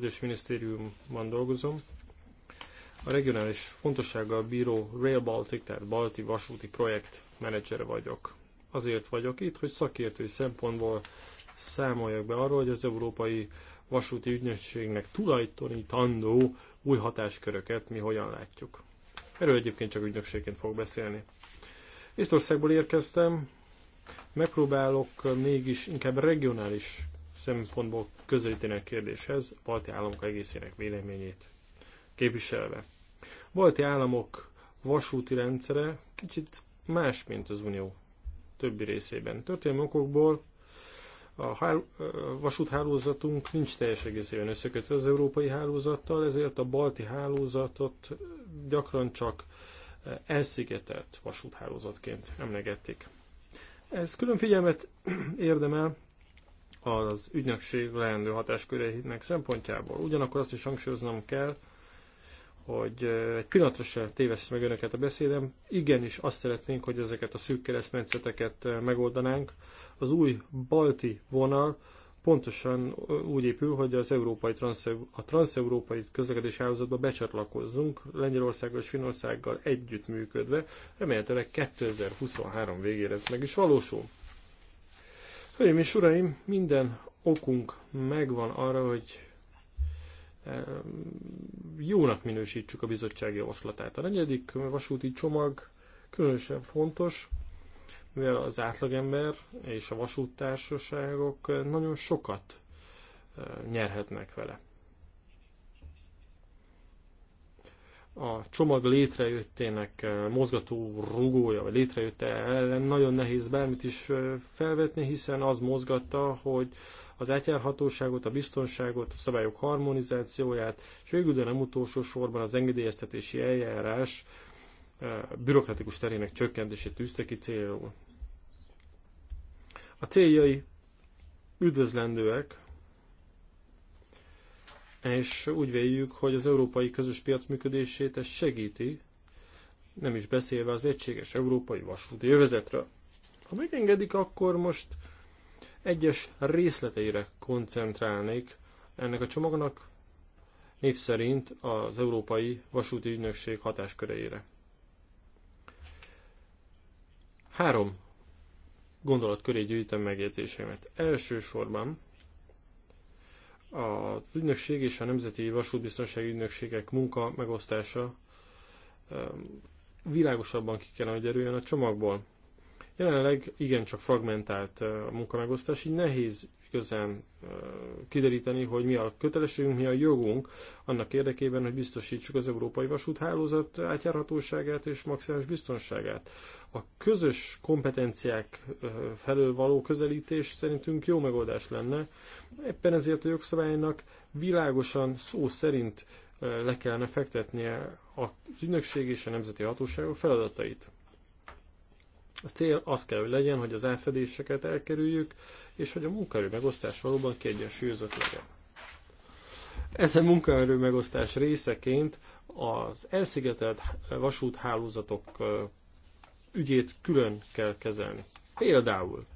és minisztériumban dolgozom. A regionális fontossággal bíró Rail Baltic, tehát balti vasúti projekt menedzsere vagyok. Azért vagyok itt, hogy szakértői szempontból számoljak be arról, hogy az Európai Vasúti Ügynökségnek tulajdonítandó új hatásköröket mi hogyan látjuk. Erről egyébként csak ügynökségként fog beszélni. Észtországból érkeztem, megpróbálok mégis inkább regionális szempontból közelíteni a kérdéshez, a balti államok egészének véleményét képviselve balti államok vasúti rendszere kicsit más, mint az Unió többi részében. Történelmi okokból a vasúthálózatunk nincs teljes egészében összekötve az európai hálózattal, ezért a balti hálózatot gyakran csak elszigetelt vasúthálózatként emlegetik. Ez külön figyelmet *clears throat* érdemel az ügynökség leendő hatáskörének szempontjából. Ugyanakkor azt is hangsúlyoznom kell, hogy egy pillanatra se téveszi meg önöket a beszédem. Igenis azt szeretnénk, hogy ezeket a szűk keresztmetszeteket megoldanánk. Az új balti vonal pontosan úgy épül, hogy az európai a transzeurópai közlekedési hálózatba becsatlakozzunk, Lengyelországgal és Finországgal együttműködve. Remélhetőleg 2023 végére ez meg is valósul. Hölgyeim és uraim, minden okunk megvan arra, hogy jónak minősítsük a bizottság javaslatát. A negyedik vasúti csomag különösen fontos, mivel az átlagember és a vasúttársaságok nagyon sokat nyerhetnek vele. a csomag létrejöttének eh, mozgató rugója, vagy létrejötte ellen nagyon nehéz bármit is eh, felvetni, hiszen az mozgatta, hogy az átjárhatóságot, a biztonságot, a szabályok harmonizációját, és végül, de nem utolsó sorban az engedélyeztetési eljárás eh, bürokratikus terének csökkentését tűzte ki célul. A céljai üdvözlendőek, és úgy véljük, hogy az európai közös piac működését ez segíti, nem is beszélve az egységes európai vasúti övezetről. Ha megengedik, akkor most egyes részleteire koncentrálnék ennek a csomagnak, név szerint az Európai Vasúti Ügynökség hatásköreire. Három gondolatköré gyűjtöm megjegyzéseimet. Elsősorban az ügynökség és a Nemzeti Vasútbiztonsági Ügynökségek munka megosztása világosabban ki kellene, hogy derüljön a csomagból. Jelenleg igencsak fragmentált a munkamegosztás, így nehéz igazán kideríteni, hogy mi a kötelességünk, mi a jogunk annak érdekében, hogy biztosítsuk az európai vasúthálózat átjárhatóságát és maximális biztonságát. A közös kompetenciák felől való közelítés szerintünk jó megoldás lenne, éppen ezért a jogszabálynak világosan szó szerint le kellene fektetnie az ügynökség és a nemzeti hatóságok feladatait a cél az kell, hogy legyen, hogy az átfedéseket elkerüljük, és hogy a munkaerő megosztás valóban kiegyensúlyozott legyen. Ezen munkaerő megosztás részeként az elszigetelt vasúthálózatok ügyét külön kell kezelni. Például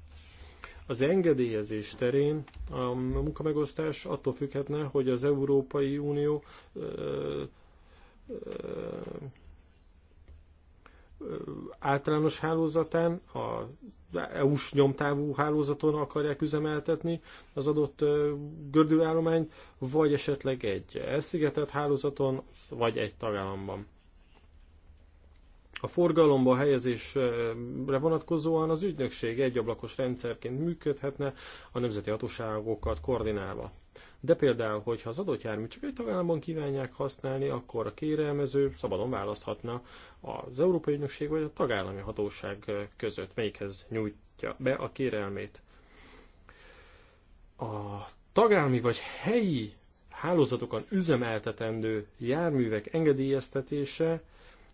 az engedélyezés terén a munkamegosztás attól függhetne, hogy az Európai Unió ö, ö, általános hálózatán, a EU-s nyomtávú hálózaton akarják üzemeltetni az adott gördülállományt, vagy esetleg egy elszigetett hálózaton, vagy egy tagállamban. A forgalomba helyezésre vonatkozóan az ügynökség egyablakos rendszerként működhetne a nemzeti hatóságokat koordinálva. De például, hogyha az adott jármű csak egy tagállamban kívánják használni, akkor a kérelmező szabadon választhatna az Európai Ügynökség vagy a tagállami hatóság között, melyikhez nyújtja be a kérelmét. A tagállami vagy helyi hálózatokon üzemeltetendő járművek engedélyeztetése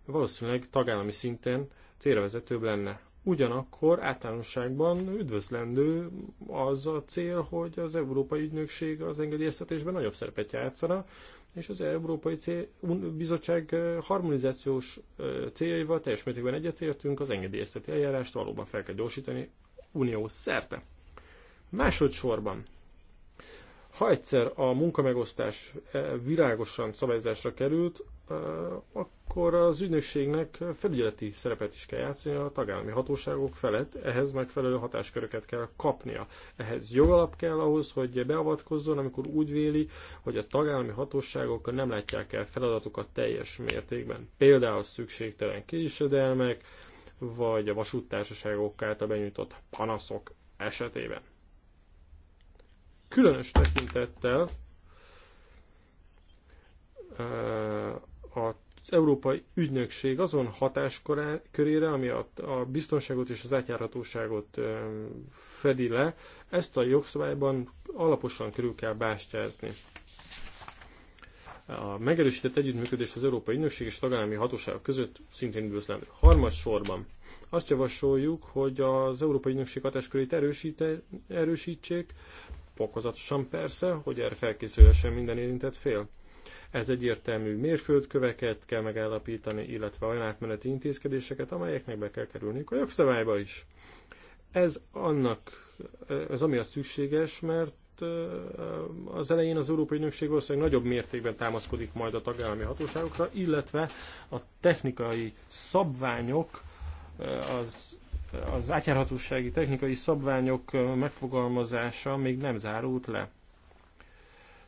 valószínűleg tagállami szinten célra vezetőbb lenne. Ugyanakkor általánosságban üdvözlendő az a cél, hogy az Európai Ügynökség az engedélyeztetésben nagyobb szerepet játszana, és az Európai cél, Bizottság harmonizációs céljaival teljes mértékben egyetértünk, az engedélyezteti eljárást valóban fel kell gyorsítani unió szerte. Másodszorban ha egyszer a munkamegosztás eh, világosan szabályozásra került, eh, akkor az ügynökségnek felügyeleti szerepet is kell játszani a tagállami hatóságok felett, ehhez megfelelő hatásköröket kell kapnia. Ehhez jogalap kell ahhoz, hogy beavatkozzon, amikor úgy véli, hogy a tagállami hatóságok nem látják el feladatokat teljes mértékben. Például szükségtelen késedelmek, vagy a vasúttársaságok által benyújtott panaszok esetében különös tekintettel eh, az Európai Ügynökség azon hatáskörére, ami a, biztonságot és az átjárhatóságot eh, fedi le, ezt a jogszabályban alaposan körül kell bástyázni. A megerősített együttműködés az Európai Ügynökség és tagállami hatóságok között szintén üdvözlendő. Harmadsorban azt javasoljuk, hogy az Európai Ügynökség hatáskörét erősítsék, fokozatosan persze, hogy erre felkészülhessen minden érintett fél. Ez egyértelmű mérföldköveket kell megállapítani, illetve olyan átmeneti intézkedéseket, amelyeknek be kell kerülniük a jogszabályba is. Ez annak, ez ami a szükséges, mert eh, az elején az Európai Ügynökség valószínűleg nagyobb mértékben támaszkodik majd a tagállami hatóságokra, illetve a technikai szabványok eh, az az átjárhatósági technikai szabványok megfogalmazása még nem zárult le.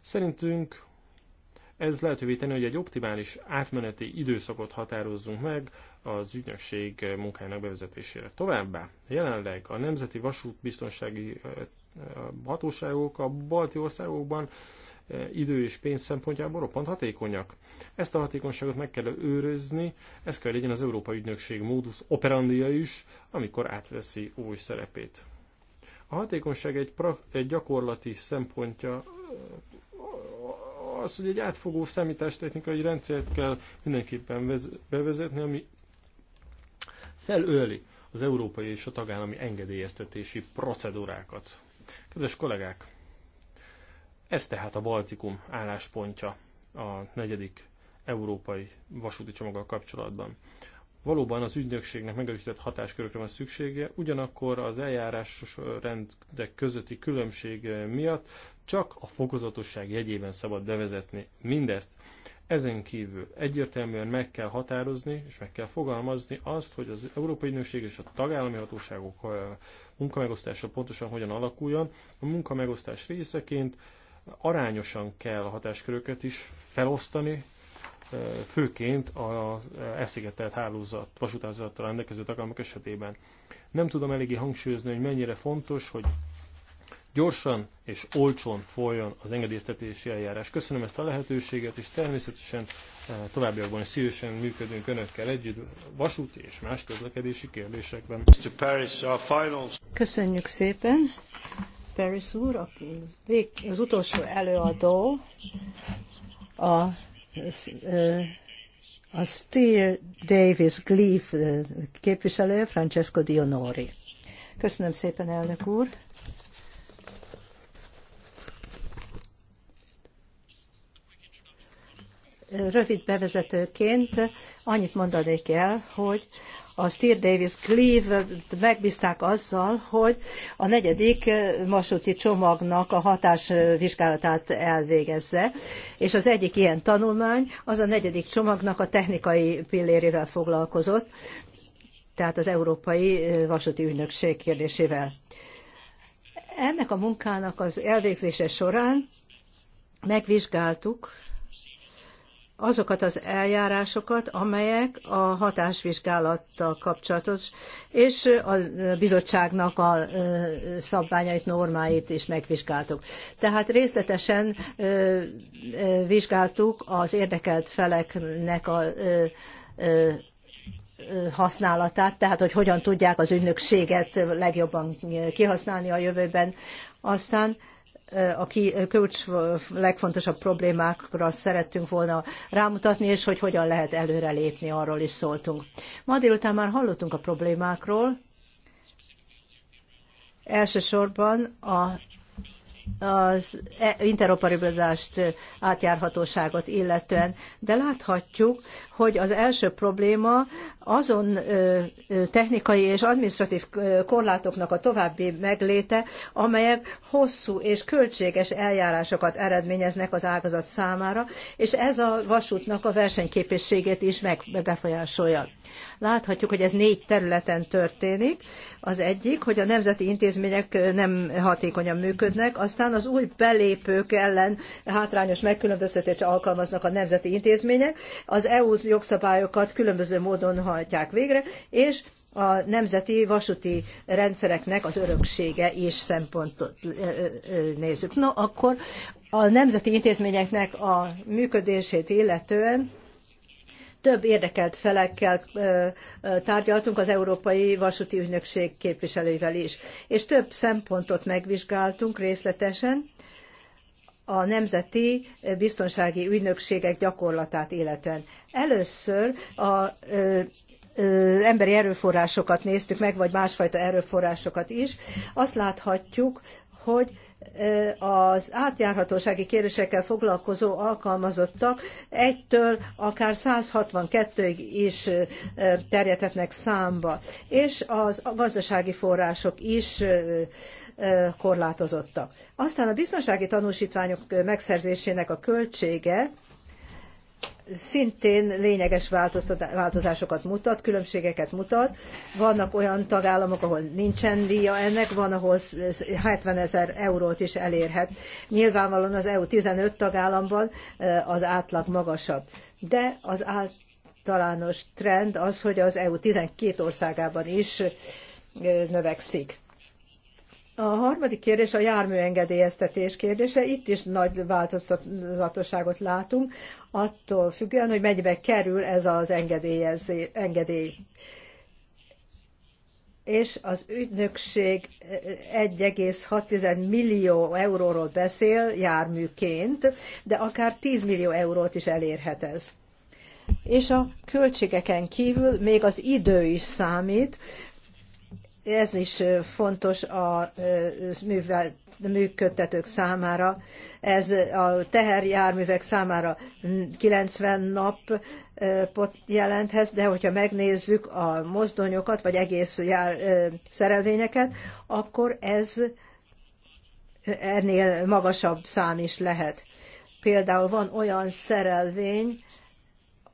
Szerintünk ez lehetővé tenni, hogy egy optimális átmeneti időszakot határozzunk meg az ügynökség munkájának bevezetésére. Továbbá jelenleg a Nemzeti Vasútbiztonsági Hatóságok a balti országokban idő és pénz szempontjából roppant hatékonyak. Ezt a hatékonyságot meg kell őrizni, ez kell legyen az Európai Ügynökség módusz operandia is, amikor átveszi új szerepét. A hatékonyság egy, pra, egy gyakorlati szempontja az, hogy egy átfogó számítástechnikai rendszert kell mindenképpen bevezetni, ami felöli az európai és a tagállami engedélyeztetési procedúrákat. Kedves kollégák! Ez tehát a Baltikum álláspontja a negyedik európai vasúti csomaggal kapcsolatban. Valóban az ügynökségnek megerősített hatáskörökre van szüksége, ugyanakkor az eljárásos rendek közötti különbség miatt csak a fokozatosság jegyében szabad bevezetni mindezt. Ezen kívül egyértelműen meg kell határozni és meg kell fogalmazni azt, hogy az Európai Ügynökség és a tagállami hatóságok munkamegosztása pontosan hogyan alakuljon. A munkamegosztás részeként arányosan kell a hatásköröket is felosztani, főként az elszigetelt hálózat, vasúthálózattal rendelkező tagállamok esetében. Nem tudom eléggé hangsúlyozni, hogy mennyire fontos, hogy gyorsan és olcsón folyjon az engedélyeztetési eljárás. Köszönöm ezt a lehetőséget, és természetesen továbbiakban is szívesen működünk Önökkel együtt vasúti és más közlekedési kérdésekben. Köszönjük szépen! Paris úr, aki az utolsó előadó, a, a Steer Davis Gleaf képviselő, Francesco Dionori. Köszönöm szépen, elnök úr! Rövid bevezetőként annyit mondanék el, hogy a Steer Davis Cleave megbízták azzal, hogy a negyedik eh, vasúti csomagnak a hatásvizsgálatát elvégezze, és az egyik ilyen tanulmány az a negyedik csomagnak a technikai pillérével foglalkozott, tehát az Európai eh, Vasúti Ügynökség kérdésével. Ennek a munkának az elvégzése során megvizsgáltuk azokat az eljárásokat, amelyek a hatásvizsgálattal kapcsolatos, és a bizottságnak a szabványait, normáit is megvizsgáltuk. Tehát részletesen vizsgáltuk az érdekelt feleknek a használatát, tehát hogy hogyan tudják az ügynökséget legjobban kihasználni a jövőben. Aztán aki kulcs legfontosabb problémákra szerettünk volna rámutatni, és hogy hogyan lehet előrelépni, arról is szóltunk. Ma délután már hallottunk a problémákról, elsősorban a az interoperabilitást, átjárhatóságot illetően, de láthatjuk, hogy az első probléma azon technikai és administratív korlátoknak a további megléte, amelyek hosszú és költséges eljárásokat eredményeznek az ágazat számára, és ez a vasútnak a versenyképességét is megbefolyásolja. Láthatjuk, hogy ez négy területen történik. Az egyik, hogy a nemzeti intézmények nem hatékonyan működnek, azt aztán az új belépők ellen hátrányos megkülönböztetést alkalmaznak a nemzeti intézmények, az EU jogszabályokat különböző módon hajtják végre, és a nemzeti vasúti rendszereknek az öröksége és szempontot nézzük. Na akkor a nemzeti intézményeknek a működését illetően több érdekelt felekkel tárgyaltunk az Európai Vasúti Ügynökség képviselőivel is, és több szempontot megvizsgáltunk részletesen a nemzeti biztonsági ügynökségek gyakorlatát illetően. Először a emberi erőforrásokat néztük meg, vagy másfajta erőforrásokat is, azt láthatjuk, hogy az átjárhatósági kérdésekkel foglalkozó alkalmazottak egytől akár 162-ig is terjedhetnek számba, és az gazdasági források is korlátozottak. Aztán a biztonsági tanúsítványok megszerzésének a költsége szintén lényeges változásokat mutat, különbségeket mutat. Vannak olyan tagállamok, ahol nincsen díja ennek, van, ahol 70 ezer eurót is elérhet. Nyilvánvalóan az EU 15 tagállamban eh, az átlag magasabb. De az általános trend az, hogy az EU 12 országában is eh, növekszik. A harmadik kérdés a járműengedélyeztetés kérdése. Itt is nagy változatosságot látunk, attól függően, hogy mennyibe kerül ez az engedély. És az ügynökség 1,6 millió euróról beszél járműként, de akár 10 millió eurót is elérhet ez és a költségeken kívül még az idő is számít, ez is fontos a művel, működtetők számára, ez a teherjárművek számára 90 napot jelenthet, de hogyha megnézzük a mozdonyokat, vagy egész jár, szerelvényeket, akkor ez ennél magasabb szám is lehet. Például van olyan szerelvény,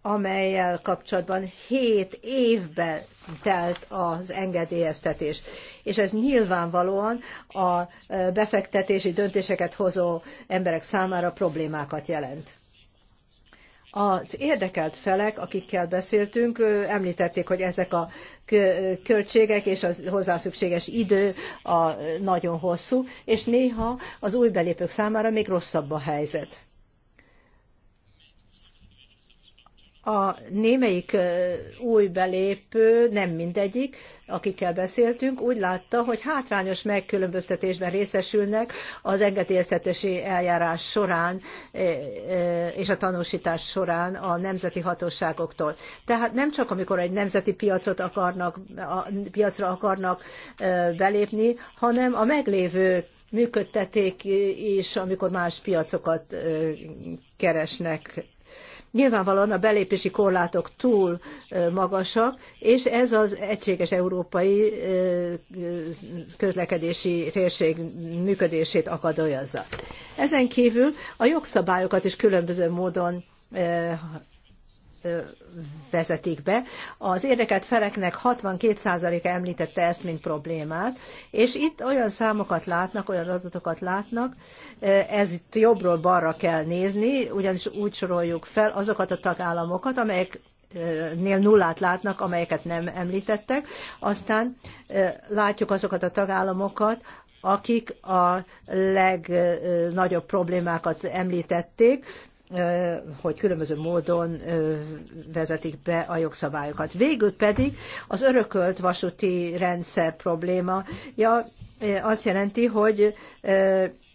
amelyel kapcsolatban 7 évben telt az engedélyeztetés. És ez nyilvánvalóan a e, befektetési döntéseket hozó emberek számára problémákat jelent. Az érdekelt felek, akikkel beszéltünk, említették, hogy ezek a költségek és az hozzá szükséges idő a nagyon hosszú, és néha az új belépők számára még rosszabb a helyzet a némelyik új belépő, nem mindegyik, akikkel beszéltünk, úgy látta, hogy hátrányos megkülönböztetésben részesülnek az engedélyeztetési eljárás során és a tanúsítás során a nemzeti hatóságoktól. Tehát nem csak amikor egy nemzeti piacot akarnak, a piacra akarnak belépni, hanem a meglévő működteték is, amikor más piacokat keresnek Nyilvánvalóan a belépési korlátok túl magasak, és ez az egységes európai közlekedési térség működését akadályozza. Ezen kívül a jogszabályokat is különböző módon vezetik be. Az érdekelt feleknek 62%-a említette ezt, mint problémát, és itt olyan számokat látnak, olyan adatokat látnak, ez itt jobbról balra kell nézni, ugyanis úgy soroljuk fel azokat a tagállamokat, amelyek nél nullát látnak, amelyeket nem említettek. Aztán látjuk azokat a tagállamokat, akik a legnagyobb problémákat említették, hogy különböző módon vezetik be a jogszabályokat. Végül pedig az örökölt vasúti rendszer probléma ja, azt jelenti, hogy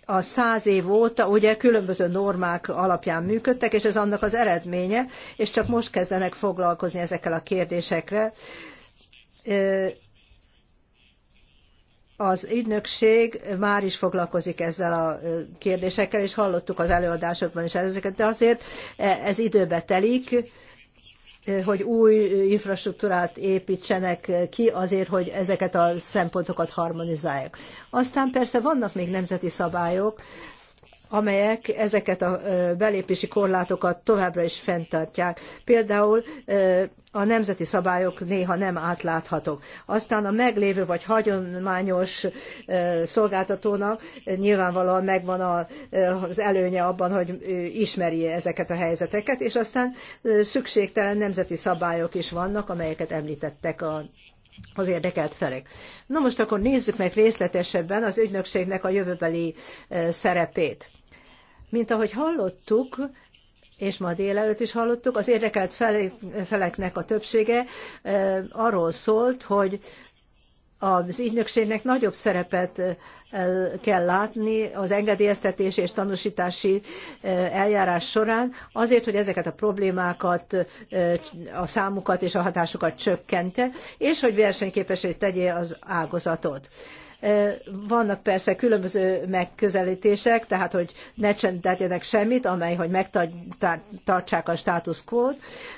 a száz év óta ugye különböző normák alapján működtek, és ez annak az eredménye, és csak most kezdenek foglalkozni ezekkel a kérdésekre az ügynökség már is foglalkozik ezzel a kérdésekkel, és hallottuk az előadásokban is ezeket, de azért e, ez időbe telik, hogy új infrastruktúrát építsenek ki azért, hogy ezeket a szempontokat harmonizálják. Aztán persze vannak még nemzeti szabályok, amelyek ezeket a belépési korlátokat továbbra is fenntartják. Például a nemzeti szabályok néha nem átláthatók. Aztán a meglévő vagy hagyományos szolgáltatónak nyilvánvalóan megvan az előnye abban, hogy ismeri ezeket a helyzeteket, és aztán szükségtelen nemzeti szabályok is vannak, amelyeket említettek a az érdekelt felek. Na most akkor nézzük meg részletesebben az ügynökségnek a jövőbeli szerepét. Mint ahogy hallottuk, és ma délelőtt is hallottuk, az érdekelt feleknek a többsége arról szólt, hogy az ügynökségnek nagyobb szerepet kell látni az engedélyeztetés és tanúsítási eljárás során, azért, hogy ezeket a problémákat, a számukat és a hatásukat csökkente, és hogy versenyképesé tegye az ágazatot. Vannak persze különböző megközelítések, tehát hogy ne tegyenek semmit, amely, hogy megtartsák a status quo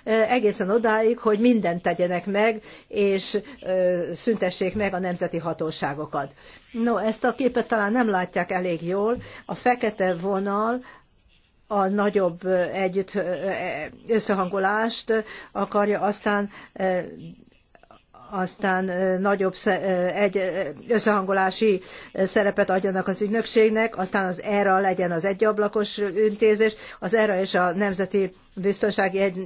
egészen odáig, hogy mindent tegyenek meg, és szüntessék meg a nemzeti hatóságokat. No, ezt a képet talán nem látják elég jól. A fekete vonal a nagyobb együtt összehangolást akarja, aztán aztán nagyobb egy összehangolási szerepet adjanak az ügynökségnek, aztán az ERA legyen az egyablakos intézés, az ERA és a Nemzeti Biztonsági egy,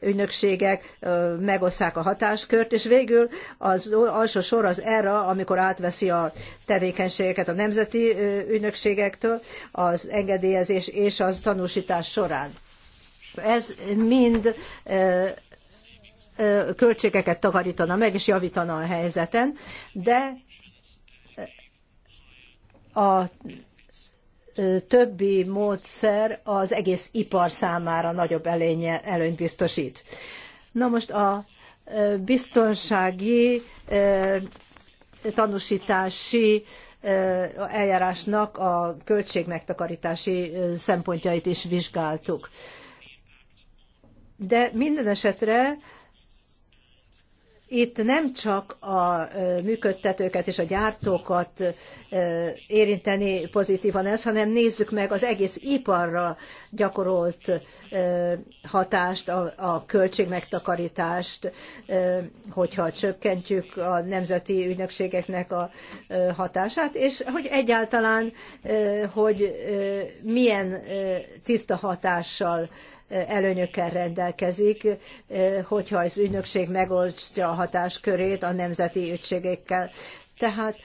Ügynökségek megosszák a hatáskört, és végül az alsó sor az ERA, amikor átveszi a tevékenységeket a nemzeti ügynökségektől az engedélyezés és az tanúsítás során. Ez mind költségeket takarítana meg, és javítana a helyzeten, de a többi módszer az egész ipar számára nagyobb elénye, előnyt biztosít. Na most a biztonsági tanúsítási eljárásnak a megtakarítási szempontjait is vizsgáltuk. De minden esetre itt nem csak a működtetőket és a gyártókat érinteni pozitívan ez, hanem nézzük meg az egész iparra gyakorolt hatást, a költségmegtakarítást, hogyha csökkentjük a nemzeti ügynökségeknek a hatását, és hogy egyáltalán, hogy milyen tiszta hatással előnyökkel rendelkezik, eh, hogyha az ügynökség megoldja a hatáskörét a nemzeti ügységekkel. Tehát,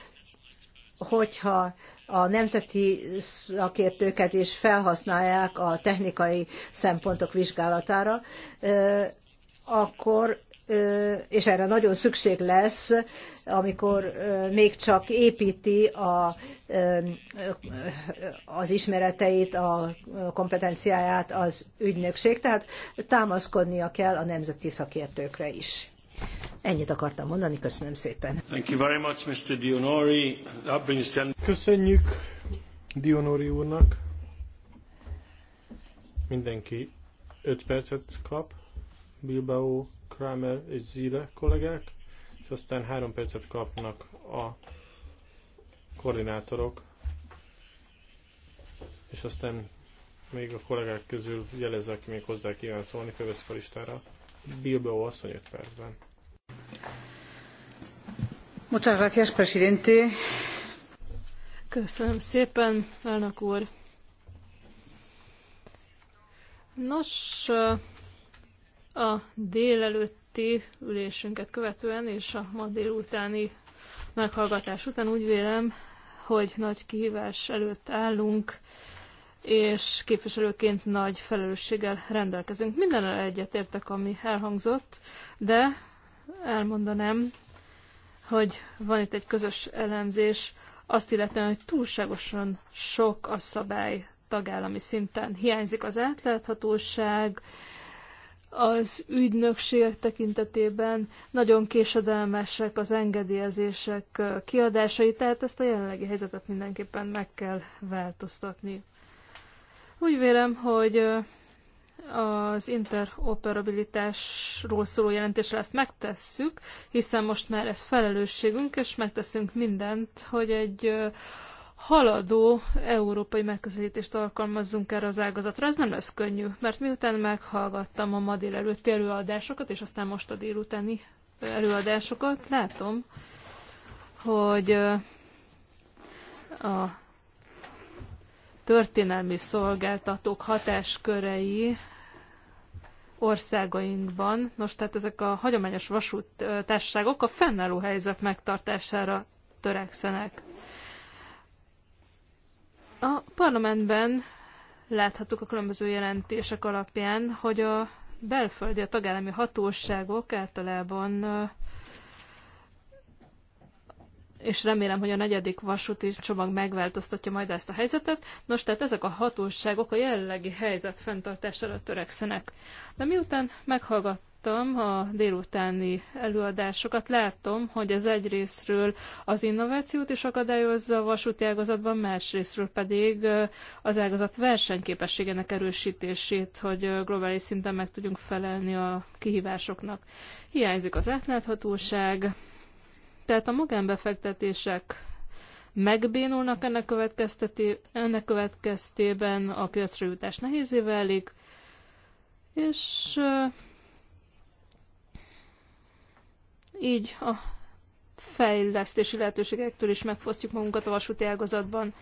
hogyha a nemzeti szakértőket is felhasználják a technikai szempontok vizsgálatára, eh, akkor és erre nagyon szükség lesz, amikor még csak építi a, az ismereteit, a kompetenciáját az ügynökség, tehát támaszkodnia kell a nemzeti szakértőkre is. Ennyit akartam mondani, köszönöm szépen. Thank you very much, Mr. Dionori. That Köszönjük Dionori úrnak. Mindenki 5 percet kap. Bilbao Kramer és Zile kollégák, és aztán három percet kapnak a koordinátorok, és aztán még a kollégák közül jelezze, aki még hozzá kíván szólni, felveszik fel listára. Bilbao asszony 5 percben. Muchas gracias, presidente. Köszönöm szépen, elnök úr. Nos, a délelőtti ülésünket követően és a ma délutáni meghallgatás után úgy vélem, hogy nagy kihívás előtt állunk, és képviselőként nagy felelősséggel rendelkezünk. egyet egyetértek, ami elhangzott, de elmondanám, hogy van itt egy közös elemzés, azt illetően, hogy túlságosan sok a szabály tagállami szinten. Hiányzik az átláthatóság, az ügynökség tekintetében nagyon késedelmesek az engedélyezések kiadásai, tehát ezt a jelenlegi helyzetet mindenképpen meg kell változtatni. Úgy vélem, hogy az interoperabilitásról szóló jelentésre ezt megtesszük, hiszen most már ez felelősségünk, és megteszünk mindent, hogy egy haladó európai megközelítést alkalmazzunk erre az ágazatra. Ez nem lesz könnyű, mert miután meghallgattam a ma délelőtti előadásokat, és aztán most a délutáni előadásokat, látom, hogy a történelmi szolgáltatók hatáskörei országainkban, nos, tehát ezek a hagyományos vasúttársaságok a fennálló helyzet megtartására törekszenek. A parlamentben láthattuk a különböző jelentések alapján, hogy a belföldi, a tagállami hatóságok általában és remélem, hogy a negyedik vasúti csomag megváltoztatja majd ezt a helyzetet. Nos, tehát ezek a hatóságok a jelenlegi helyzet fenntartására törekszenek. De miután meghallgat láttam a délutáni előadásokat, látom, hogy ez egyrésztről az innovációt is akadályozza a vasúti ágazatban, másrésztről pedig az ágazat versenyképességének erősítését, hogy globális szinten meg tudjunk felelni a kihívásoknak. Hiányzik az átláthatóság, tehát a magánbefektetések megbénulnak ennek, ennek következtében, a piacra jutás nehézével és így a fejlesztési lehetőségektől is megfosztjuk magunkat a vasúti ágazatban.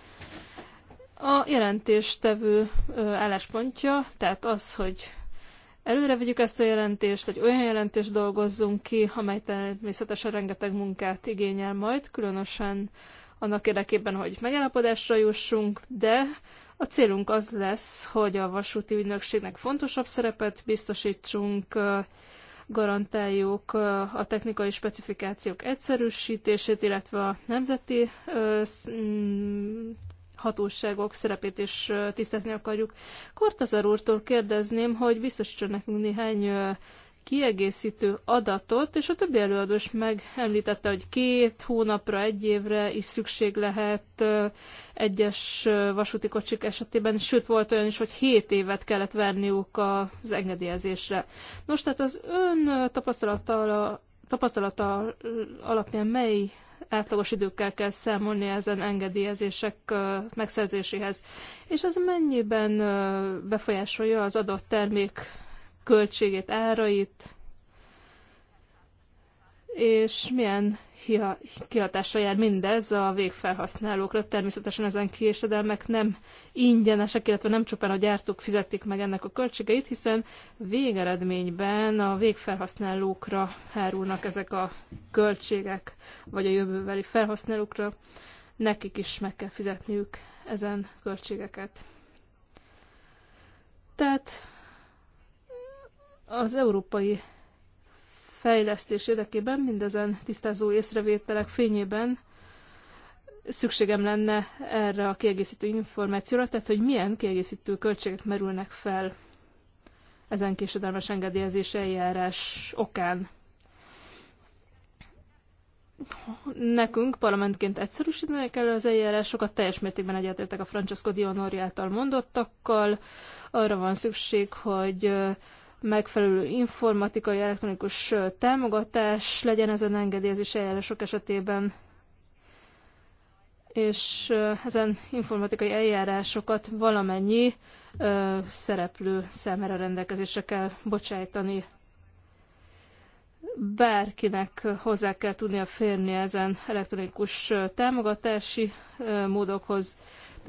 A jelentéstevő álláspontja, tehát az, hogy előre vegyük ezt a jelentést, hogy olyan jelentést dolgozzunk ki, amely természetesen rengeteg munkát igényel majd, különösen annak érdekében, hogy megállapodásra jussunk, de a célunk az lesz, hogy a vasúti ügynökségnek fontosabb szerepet biztosítsunk, garantáljuk a technikai specifikációk egyszerűsítését, illetve a nemzeti mm, hatóságok szerepét is tisztázni akarjuk. Kortazar úrtól kérdezném, hogy biztosítson nekünk néhány kiegészítő adatot, és a többi előadó is megemlítette, hogy két hónapra, egy évre is szükség lehet egyes vasúti kocsik esetében, sőt volt olyan is, hogy hét évet kellett venniük az engedélyezésre. Nos, tehát az ön tapasztalata, tapasztalata alapján mely átlagos időkkel kell számolni ezen engedélyezések megszerzéséhez, és ez mennyiben befolyásolja az adott termék költségét, árait, és milyen kihatással jár mindez a végfelhasználókra. Természetesen ezen késedelmek nem ingyenesek, illetve nem csupán a gyártók fizetik meg ennek a költségeit, hiszen végeredményben a végfelhasználókra hárulnak ezek a költségek, vagy a jövőbeli felhasználókra. Nekik is meg kell fizetniük ezen költségeket. Tehát az európai fejlesztés érdekében mindezen tisztázó észrevételek fényében szükségem lenne erre a kiegészítő információra, tehát hogy milyen kiegészítő költségek merülnek fel ezen késedelmes engedélyezés eljárás okán. Nekünk parlamentként egyszerűsíteni kell az eljárásokat, teljes mértékben egyetértek a Francesco Dionori által mondottakkal. Arra van szükség, hogy megfelelő informatikai, elektronikus támogatás legyen ezen engedélyezés eljárások esetében, és ezen informatikai eljárásokat valamennyi ö, szereplő számára rendelkezésre kell bocsájtani. Bárkinek hozzá kell tudnia férni ezen elektronikus támogatási ö, módokhoz.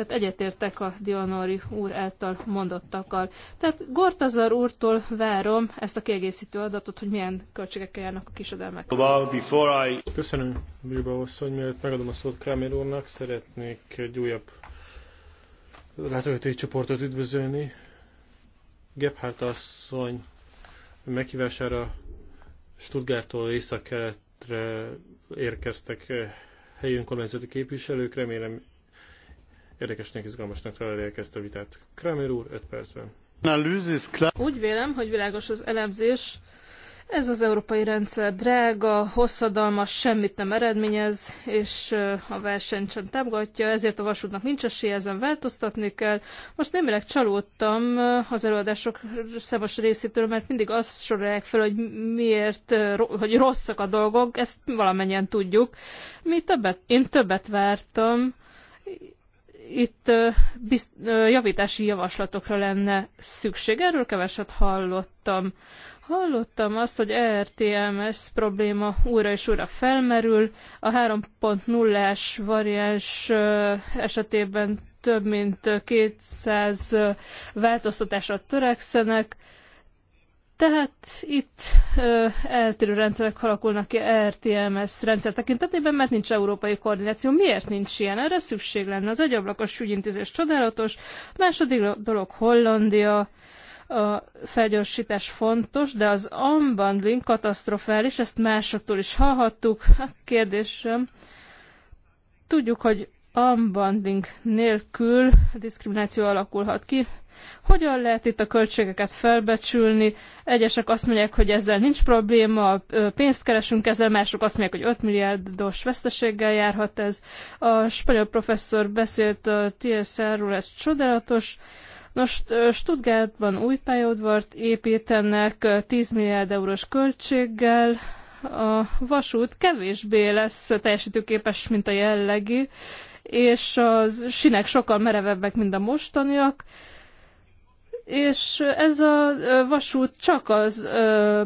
Tehát egyetértek a Dionori úr által mondottakkal. Tehát Gortazar úrtól várom ezt a kiegészítő adatot, hogy milyen költségekkel járnak a kisadelmek. Köszönöm, Bilba asszony, mielőtt megadom a szót Kramer úrnak, szeretnék egy újabb látogatói csoportot üdvözölni. Gebhardt asszony meghívására Stuttgarttól északkeletre érkeztek eh, helyi önkormányzati képviselők, remélem érdekesnek, izgalmasnak találják ezt a vitát. Kramer úr, 5 percben. Úgy vélem, hogy világos az elemzés. Ez az európai rendszer drága, hosszadalmas, semmit nem eredményez, és a verseny sem támogatja, ezért a vasútnak nincs esélye, ezen változtatni kell. Most némileg csalódtam az előadások számos részétől, mert mindig azt sorolják fel, hogy miért, hogy rosszak a dolgok, ezt valamennyien tudjuk. Mi többet, én többet vártam, itt bizt, javítási javaslatokra lenne szükség. Erről keveset hallottam. Hallottam azt, hogy ERTMS probléma újra és újra felmerül. A 3.0-es variáns esetében több mint 200 változtatásra törekszenek. Tehát itt ö, eltérő rendszerek alakulnak ki RTMS rendszer tekintetében, mert nincs európai koordináció. Miért nincs ilyen? Erre szükség lenne. Az egyablakos ügyintézés csodálatos. Második dolog Hollandia. A felgyorsítás fontos, de az unbundling katasztrofális, ezt másoktól is hallhattuk. kérdésem, tudjuk, hogy unbonding nélkül diszkrimináció alakulhat ki. Hogyan lehet itt a költségeket felbecsülni? Egyesek azt mondják, hogy ezzel nincs probléma, pénzt keresünk ezzel, mások azt mondják, hogy 5 milliárdos veszteséggel járhat ez. A spanyol professzor beszélt a TSR-ról, ez csodálatos. Nos, Stuttgartban új pályaudvart építenek 10 milliárd eurós költséggel, a vasút kevésbé lesz teljesítőképes, mint a jellegi, és a sinek sokkal merevebbek, mint a mostaniak, és ez a vasút csak az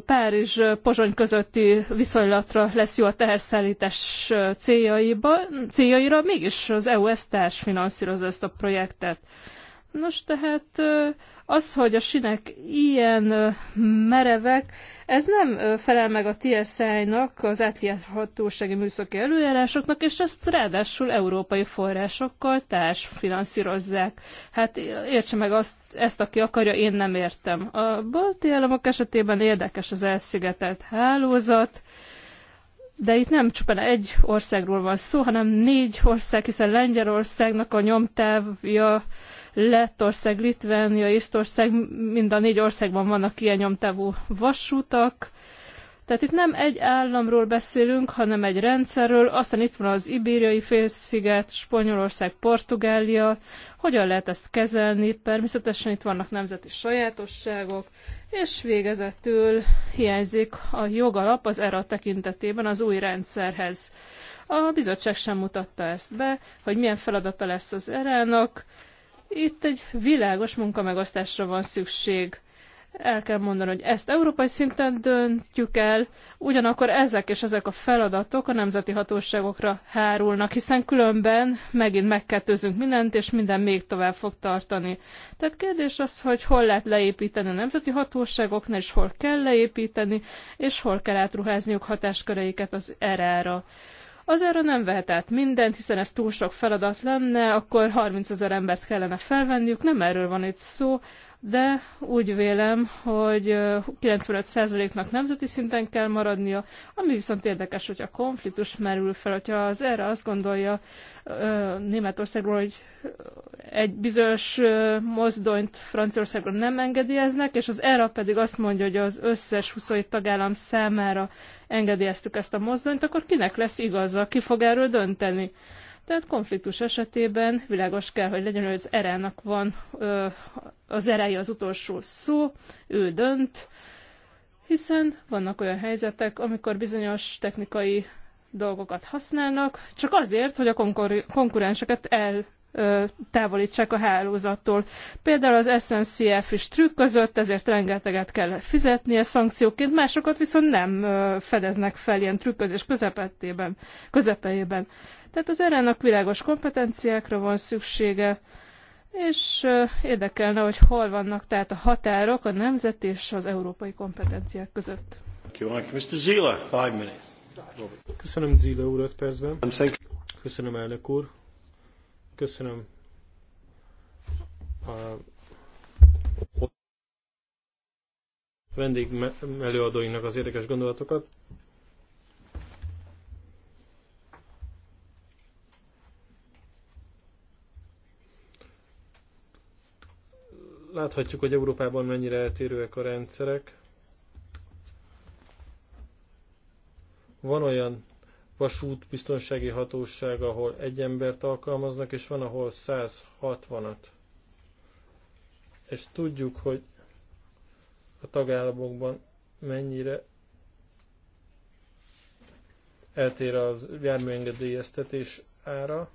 Párizs-Pozsony közötti viszonylatra lesz jó a teherszállítás céljaira, mégis az EU ezt társfinanszírozza ezt a projektet. Nos, tehát az, hogy a sinek ilyen merevek, ez nem felel meg a TSI-nak, az átjárhatósági műszaki előjárásoknak, és ezt ráadásul európai forrásokkal társfinanszírozzák. Hát értse meg azt, ezt, aki akarja, én nem értem. A balti államok esetében érdekes az elszigetelt hálózat, de itt nem csupán egy országról van szó, hanem négy ország, hiszen Lengyelországnak a nyomtávja Lettország, Litvánia, Észtország, mind a négy országban vannak ilyen nyomtávú vasútak. Tehát itt nem egy államról beszélünk, hanem egy rendszerről, aztán itt van az ibériai félsziget, Spanyolország, Portugália, hogyan lehet ezt kezelni, természetesen itt vannak nemzeti sajátosságok, és végezetül hiányzik a jogalap az ERA tekintetében az új rendszerhez. A bizottság sem mutatta ezt be, hogy milyen feladata lesz az ERA-nak, itt egy világos munkamegosztásra van szükség. El kell mondani, hogy ezt európai szinten döntjük el, ugyanakkor ezek és ezek a feladatok a nemzeti hatóságokra hárulnak, hiszen különben megint megkettőzünk mindent, és minden még tovább fog tartani. Tehát kérdés az, hogy hol lehet leépíteni a nemzeti hatóságoknál, és hol kell leépíteni, és hol kell átruházniuk hatásköreiket az erára az erre nem vehet át mindent, hiszen ez túl sok feladat lenne, akkor 30 ezer embert kellene felvenniük, nem erről van itt szó, de úgy vélem, hogy 95%-nak nemzeti szinten kell maradnia, ami viszont érdekes, hogy a konfliktus merül fel, hogyha az erre azt gondolja Németországról, hogy egy bizonyos mozdonyt Franciaországról nem engedélyeznek, és az ERA pedig azt mondja, hogy az összes 27 tagállam számára engedélyeztük ezt a mozdonyt, akkor kinek lesz igaza, ki fog erről dönteni? Tehát konfliktus esetében világos kell, hogy legyen, hogy az erának van az erája az utolsó szó, ő dönt, hiszen vannak olyan helyzetek, amikor bizonyos technikai dolgokat használnak, csak azért, hogy a konkur- konkurenseket el távolítsák a hálózattól. Például az SNCF is trükk között, ezért rengeteget kell fizetnie szankcióként, másokat viszont nem fedeznek fel ilyen trükközés közepetében, közepejében. Tehát az erának világos kompetenciákra van szüksége, és érdekelne, hogy hol vannak tehát a határok a nemzet és az európai kompetenciák között. Köszönöm Zila urat percben. Köszönöm elnök úr. Köszönöm a vendég előadóinak az érdekes gondolatokat. Láthatjuk, hogy Európában mennyire eltérőek a rendszerek. Van olyan vasút biztonsági hatóság, ahol egy embert alkalmaznak, és van, ahol 160-at. És tudjuk, hogy a tagállamokban mennyire eltér a járműengedélyeztetés ára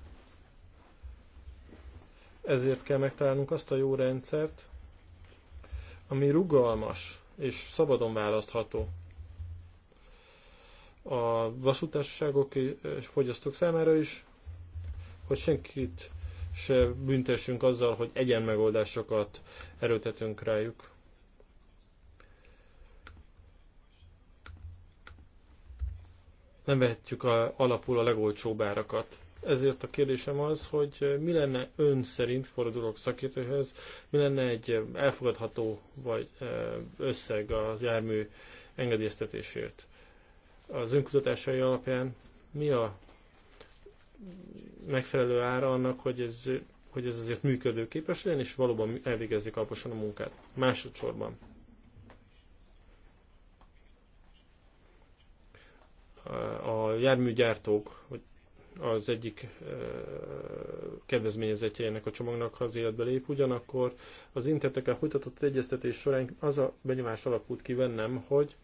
ezért kell megtalálnunk azt a jó rendszert, ami rugalmas és szabadon választható. A vasútársaságok és fogyasztók számára is, hogy senkit se büntessünk azzal, hogy egyen megoldásokat erőtetünk rájuk. Nem vehetjük a, alapul a legolcsóbb árakat ezért a kérdésem az, hogy mi lenne ön szerint, fordulok szakértőhöz, mi lenne egy elfogadható vagy összeg a jármű engedélyeztetésért? Az önkutatásai alapján mi a megfelelő ára annak, hogy ez, hogy ez azért működőképes legyen, és valóban elvégezzék alaposan a munkát. Másodszorban. A járműgyártók, az egyik kedvezményezetjeinek a csomagnak, ha az életbe lép. Ugyanakkor az intetekkel folytatott egyeztetés során az a benyomás alakult ki bennem, hogy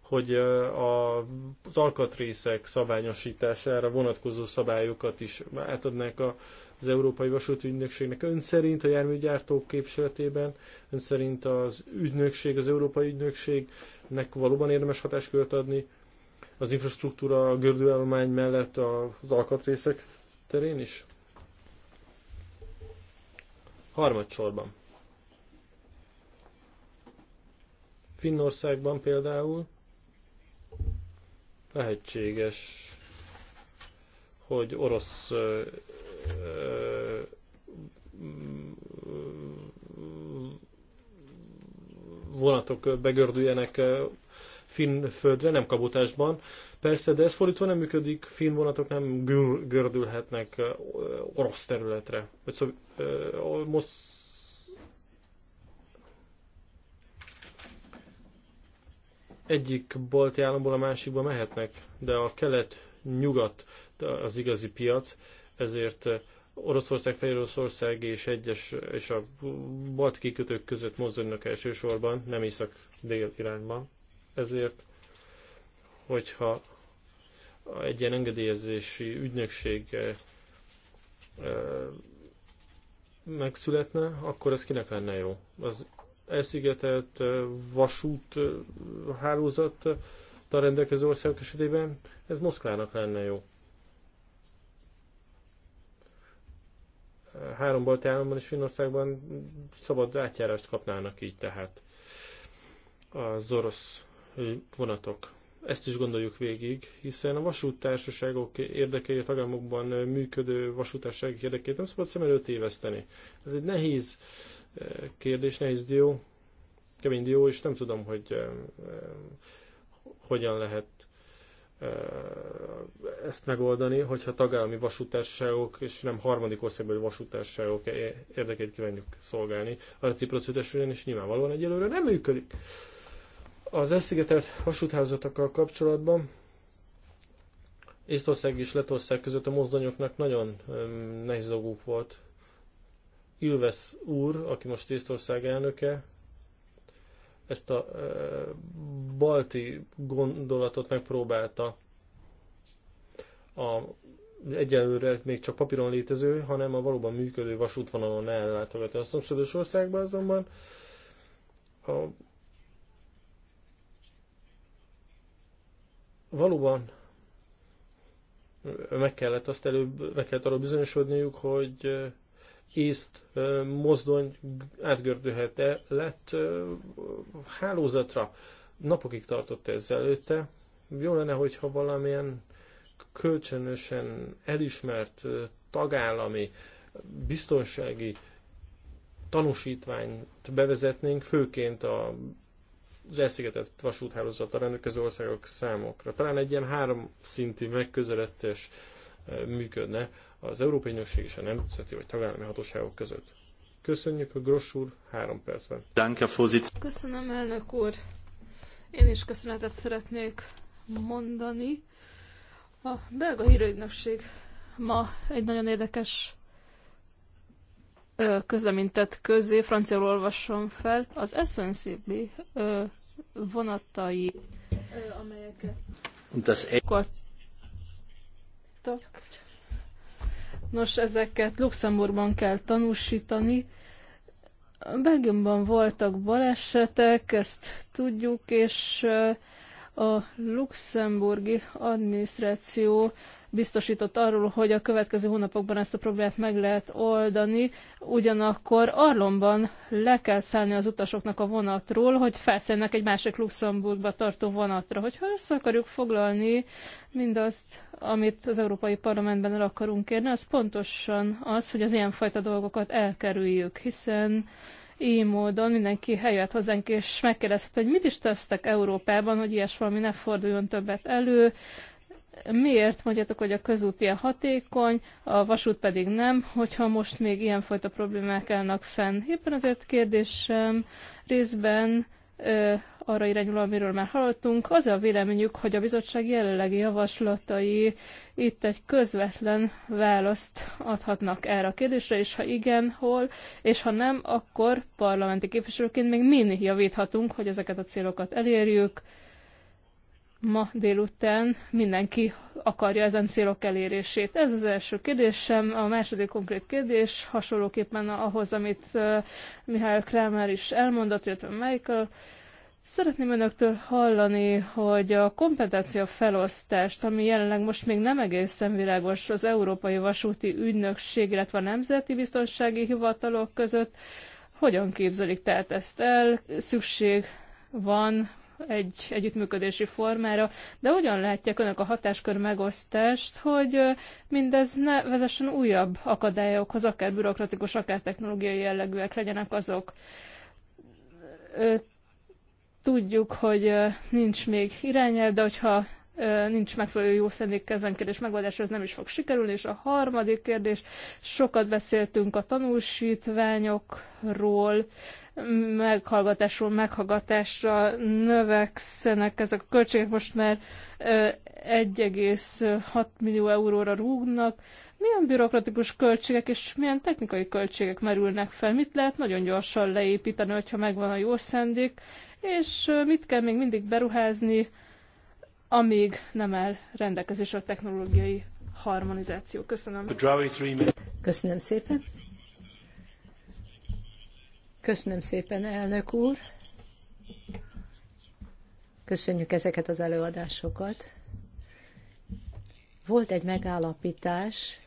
hogy az alkatrészek szabályosítására vonatkozó szabályokat is átadnák a az Európai Vasúti Ügynökségnek ön szerint a járműgyártók képviseletében, ön szerint az ügynökség, az Európai Ügynökségnek valóban érdemes hatáskört adni az infrastruktúra, a gördőállomány mellett az alkatrészek terén is? Harmadsorban. Finnországban például lehetséges, hogy orosz vonatok begördüljenek finn földre, nem kabotásban. Persze, de ez fordítva nem működik, finn vonatok nem gördülhetnek orosz területre. Vagy szó, most egyik balti államból a másikba mehetnek, de a kelet-nyugat az igazi piac, ezért eh, Oroszország, Fehéroszország és egyes és a balti kikötők között mozdulnak elsősorban, nem észak-dél irányban. Ezért, hogyha egy ilyen engedélyezési ügynökség eh, megszületne, akkor ez kinek lenne jó? Az elszigetelt eh, vasút a rendelkező országok esetében ez Moszkvának lenne jó. három balti államban és Finnországban szabad átjárást kapnának így tehát az orosz vonatok. Ezt is gondoljuk végig, hiszen a vasúttársaságok érdekei, a tagállamokban működő vasúttársaságok érdekét nem szabad szem előtt éveszteni. Ez egy nehéz eh, kérdés, nehéz dió, kemény dió, és nem tudom, hogy eh, hogyan lehet ezt megoldani, hogyha tagállami vasútársaságok és nem harmadik országbeli vasútársaságok érdekét kívánjuk szolgálni. A reciprocitas is nyilvánvalóan egyelőre nem működik. Az elszigetelt vasútházatokkal kapcsolatban Észtország és Letország között a mozdonyoknak nagyon nehéz volt. Ilves úr, aki most Észtország elnöke, ezt a balti gondolatot megpróbálta a egyelőre még csak papíron létező, hanem a valóban működő vasútvonalon ellátogatni. A szomszédos országban azonban a valóban meg kellett azt előbb, meg kellett arra bizonyosodniuk, hogy észt mozdony átgördülhet lett hálózatra. Napokig tartott ez előtte. Jó lenne, hogyha valamilyen kölcsönösen elismert tagállami biztonsági tanúsítványt bevezetnénk, főként a az elszigetett a rendelkező országok számokra. Talán egy ilyen háromszinti megközelítés működne, az Európai Ügynökség és a Nemzeti vagy Tagállami Hatóságok között. Köszönjük a Gross úr, három percben. Köszönöm, elnök úr. Én is köszönetet szeretnék mondani. A belga hírügynökség ma egy nagyon érdekes közleményt közé, franciául olvasom fel, az SNCB vonatai, amelyeket... Das e- Nos, ezeket Luxemburgban kell tanúsítani. Belgiumban voltak balesetek, ezt tudjuk, és a luxemburgi adminisztráció biztosított arról, hogy a következő hónapokban ezt a problémát meg lehet oldani, ugyanakkor Arlomban le kell szállni az utasoknak a vonatról, hogy felszállnak egy másik Luxemburgba tartó vonatra. Hogyha össze akarjuk foglalni mindazt, amit az Európai Parlamentben el akarunk érni, az pontosan az, hogy az ilyenfajta dolgokat elkerüljük, hiszen így módon mindenki helyett hozzánk, és megkérdezhet, hogy mit is tesztek Európában, hogy ilyes valami ne forduljon többet elő, miért mondjátok, hogy a közút ilyen hatékony, a vasút pedig nem, hogyha most még ilyenfajta problémák állnak fenn. Éppen azért kérdésem részben ö, arra irányul, amiről már hallottunk, az a véleményük, hogy a bizottság jelenlegi javaslatai itt egy közvetlen választ adhatnak erre a kérdésre, és ha igen, hol, és ha nem, akkor parlamenti képviselőként még mindig javíthatunk, hogy ezeket a célokat elérjük, ma délután mindenki akarja ezen célok elérését. Ez az első kérdésem. A második konkrét kérdés hasonlóképpen ahhoz, amit Mihály Kramer is elmondott, illetve Michael. Szeretném önöktől hallani, hogy a kompetencia felosztást, ami jelenleg most még nem egészen világos az Európai Vasúti Ügynökség, illetve a Nemzeti Biztonsági Hivatalok között, hogyan képzelik tehát ezt el? Szükség van egy együttműködési formára, de hogyan látják önök a hatáskör megosztást, hogy mindez ne vezessen újabb akadályokhoz, akár bürokratikus, akár technológiai jellegűek legyenek azok. Tudjuk, hogy nincs még irányel, de hogyha nincs megfelelő jó szendék ezen megoldása, ez nem is fog sikerülni. És a harmadik kérdés, sokat beszéltünk a tanúsítványokról, meghallgatásról meghallgatásra növekszenek ezek a költségek, most már 1,6 millió euróra rúgnak. Milyen bürokratikus költségek és milyen technikai költségek merülnek fel? Mit lehet nagyon gyorsan leépíteni, hogyha megvan a jó szendék? És mit kell még mindig beruházni, amíg nem el rendelkezésre a technológiai harmonizáció? Köszönöm. Köszönöm szépen. Köszönöm szépen, elnök úr. Köszönjük ezeket az előadásokat. Volt egy megállapítás,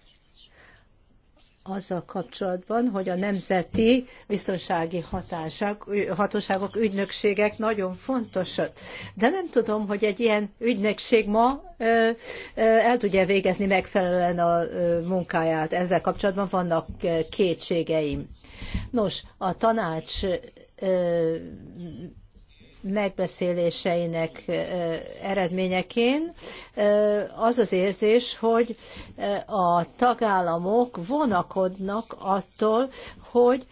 azzal kapcsolatban, hogy a nemzeti biztonsági hatások, hatóságok, ügynökségek nagyon fontosak. De nem tudom, hogy egy ilyen ügynökség ma el tudja végezni megfelelően a munkáját. Ezzel kapcsolatban vannak kétségeim. Nos, a tanács megbeszéléseinek eredményeként az az érzés, hogy a tagállamok vonakodnak attól, hogy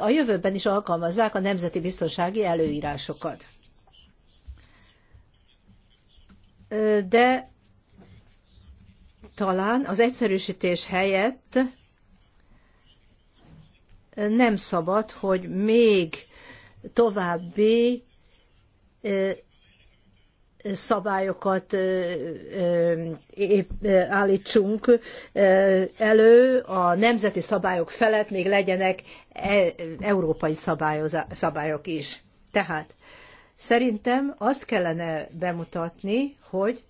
a jövőben is alkalmazzák a nemzeti biztonsági előírásokat. De talán az egyszerűsítés helyett nem szabad, hogy még további szabályokat állítsunk elő, a nemzeti szabályok felett még legyenek e, európai szabályok is. Tehát szerintem azt kellene bemutatni, hogy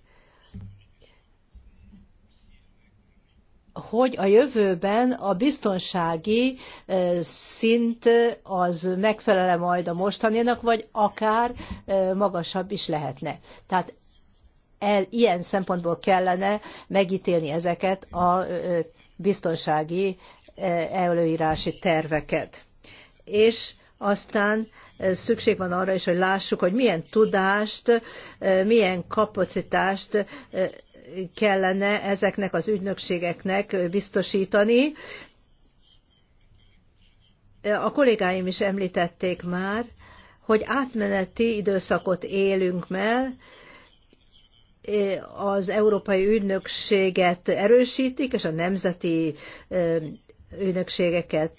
hogy a jövőben a biztonsági szint az megfelele majd a mostaninak, vagy akár magasabb is lehetne. Tehát el, ilyen szempontból kellene megítélni ezeket a biztonsági előírási terveket. És aztán szükség van arra is, hogy lássuk, hogy milyen tudást, milyen kapacitást kellene ezeknek az ügynökségeknek biztosítani. A kollégáim is említették már, hogy átmeneti időszakot élünk meg, az Európai Ügynökséget erősítik, és a nemzeti ünnepségeket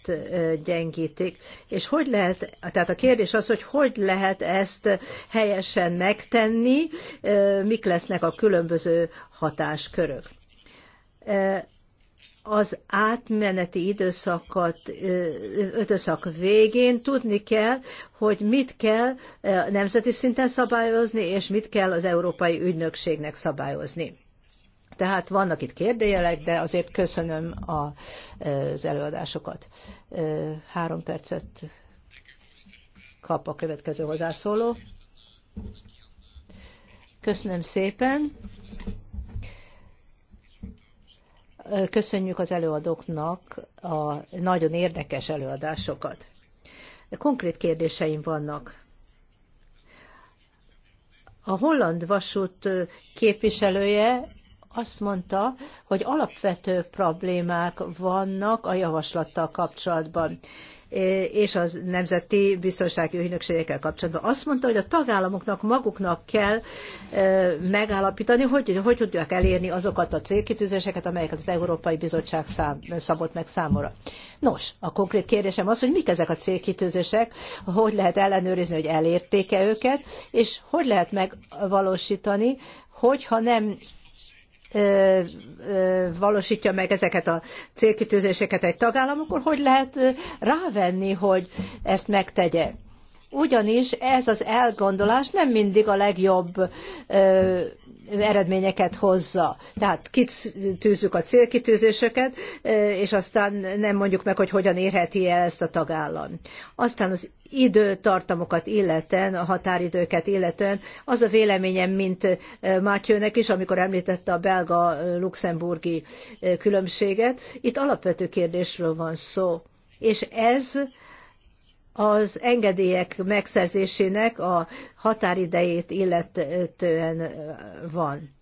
gyengítik. És hogy lehet, tehát a kérdés az, hogy hogy lehet ezt helyesen megtenni, mik lesznek a különböző hatáskörök. Az átmeneti időszakat, időszak végén tudni kell, hogy mit kell nemzeti szinten szabályozni, és mit kell az európai ügynökségnek szabályozni tehát vannak itt kérdőjelek, de azért köszönöm a, az előadásokat. Három percet kap a következő hozzászóló. Köszönöm szépen. Köszönjük az előadóknak a nagyon érdekes előadásokat. Konkrét kérdéseim vannak. A holland vasút képviselője azt mondta, hogy alapvető problémák vannak a javaslattal kapcsolatban és az nemzeti biztonsági ügynökségekkel kapcsolatban. Azt mondta, hogy a tagállamoknak maguknak kell megállapítani, hogy hogy tudják elérni azokat a célkitűzéseket, amelyeket az Európai Bizottság szám, szabott meg számomra. Nos, a konkrét kérdésem az, hogy mik ezek a célkitűzések, hogy lehet ellenőrizni, hogy elérték-e őket, és hogy lehet megvalósítani, hogyha nem valósítja meg ezeket a célkitűzéseket egy tagállam, akkor hogy lehet rávenni, hogy ezt megtegye? Ugyanis ez az elgondolás nem mindig a legjobb eredményeket hozza. Tehát kitűzzük a célkitűzéseket, e, és aztán nem mondjuk meg, hogy hogyan érheti el ezt a tagállam. Aztán az időtartamokat illeten, a határidőket illetően, az a véleményem, mint e, Mátyőnek is, amikor említette a belga-luxemburgi e, különbséget, itt alapvető kérdésről van szó. És ez az engedélyek megszerzésének a határidejét illetően van.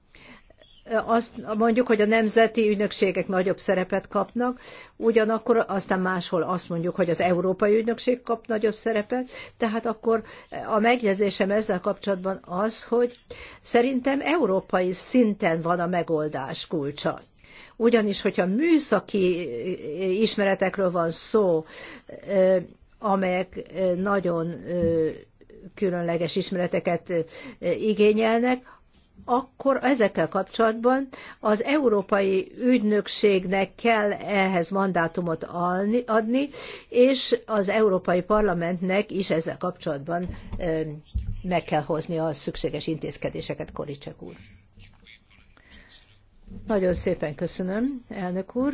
Azt mondjuk, hogy a nemzeti ügynökségek nagyobb szerepet kapnak, ugyanakkor aztán máshol azt mondjuk, hogy az Európai Ügynökség kap nagyobb szerepet, tehát akkor a megjegyzésem ezzel kapcsolatban az, hogy szerintem európai szinten van a megoldás kulcsa ugyanis hogyha műszaki ismeretekről van szó, amelyek nagyon különleges ismereteket igényelnek, akkor ezekkel kapcsolatban az Európai Ügynökségnek kell ehhez mandátumot adni, és az Európai Parlamentnek is ezzel kapcsolatban meg kell hozni a szükséges intézkedéseket, Koricsek úr. Nagyon szépen köszönöm, elnök úr.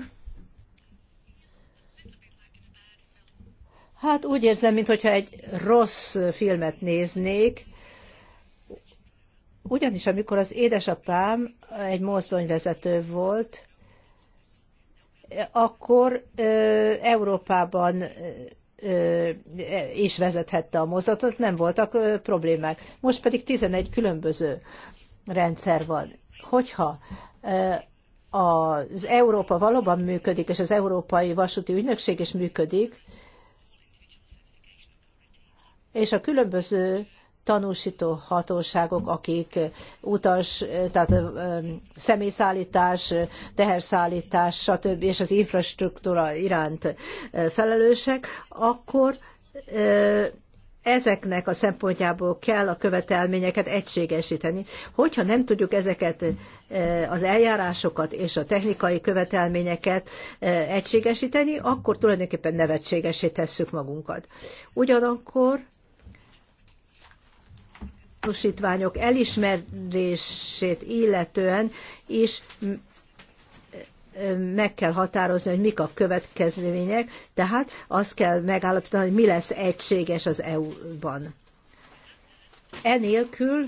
Hát úgy érzem, mintha egy rossz filmet néznék, ugyanis amikor az édesapám egy mozdonyvezető volt, akkor ö, Európában ö, is vezethette a mozdatot, nem voltak ö, problémák. Most pedig 11 különböző rendszer van. Hogyha ö, az Európa valóban működik, és az Európai Vasúti Ügynökség is működik, és a különböző tanúsító hatóságok, akik utas, tehát személyszállítás, teherszállítás, stb. és az infrastruktúra iránt felelősek, akkor ezeknek a szempontjából kell a követelményeket egységesíteni. Hogyha nem tudjuk ezeket az eljárásokat és a technikai követelményeket egységesíteni, akkor tulajdonképpen nevetségesé tesszük magunkat. Ugyanakkor tanúsítványok elismerését illetően is meg kell határozni, hogy mik a következmények, tehát azt kell megállapítani, hogy mi lesz egységes az EU-ban. Enélkül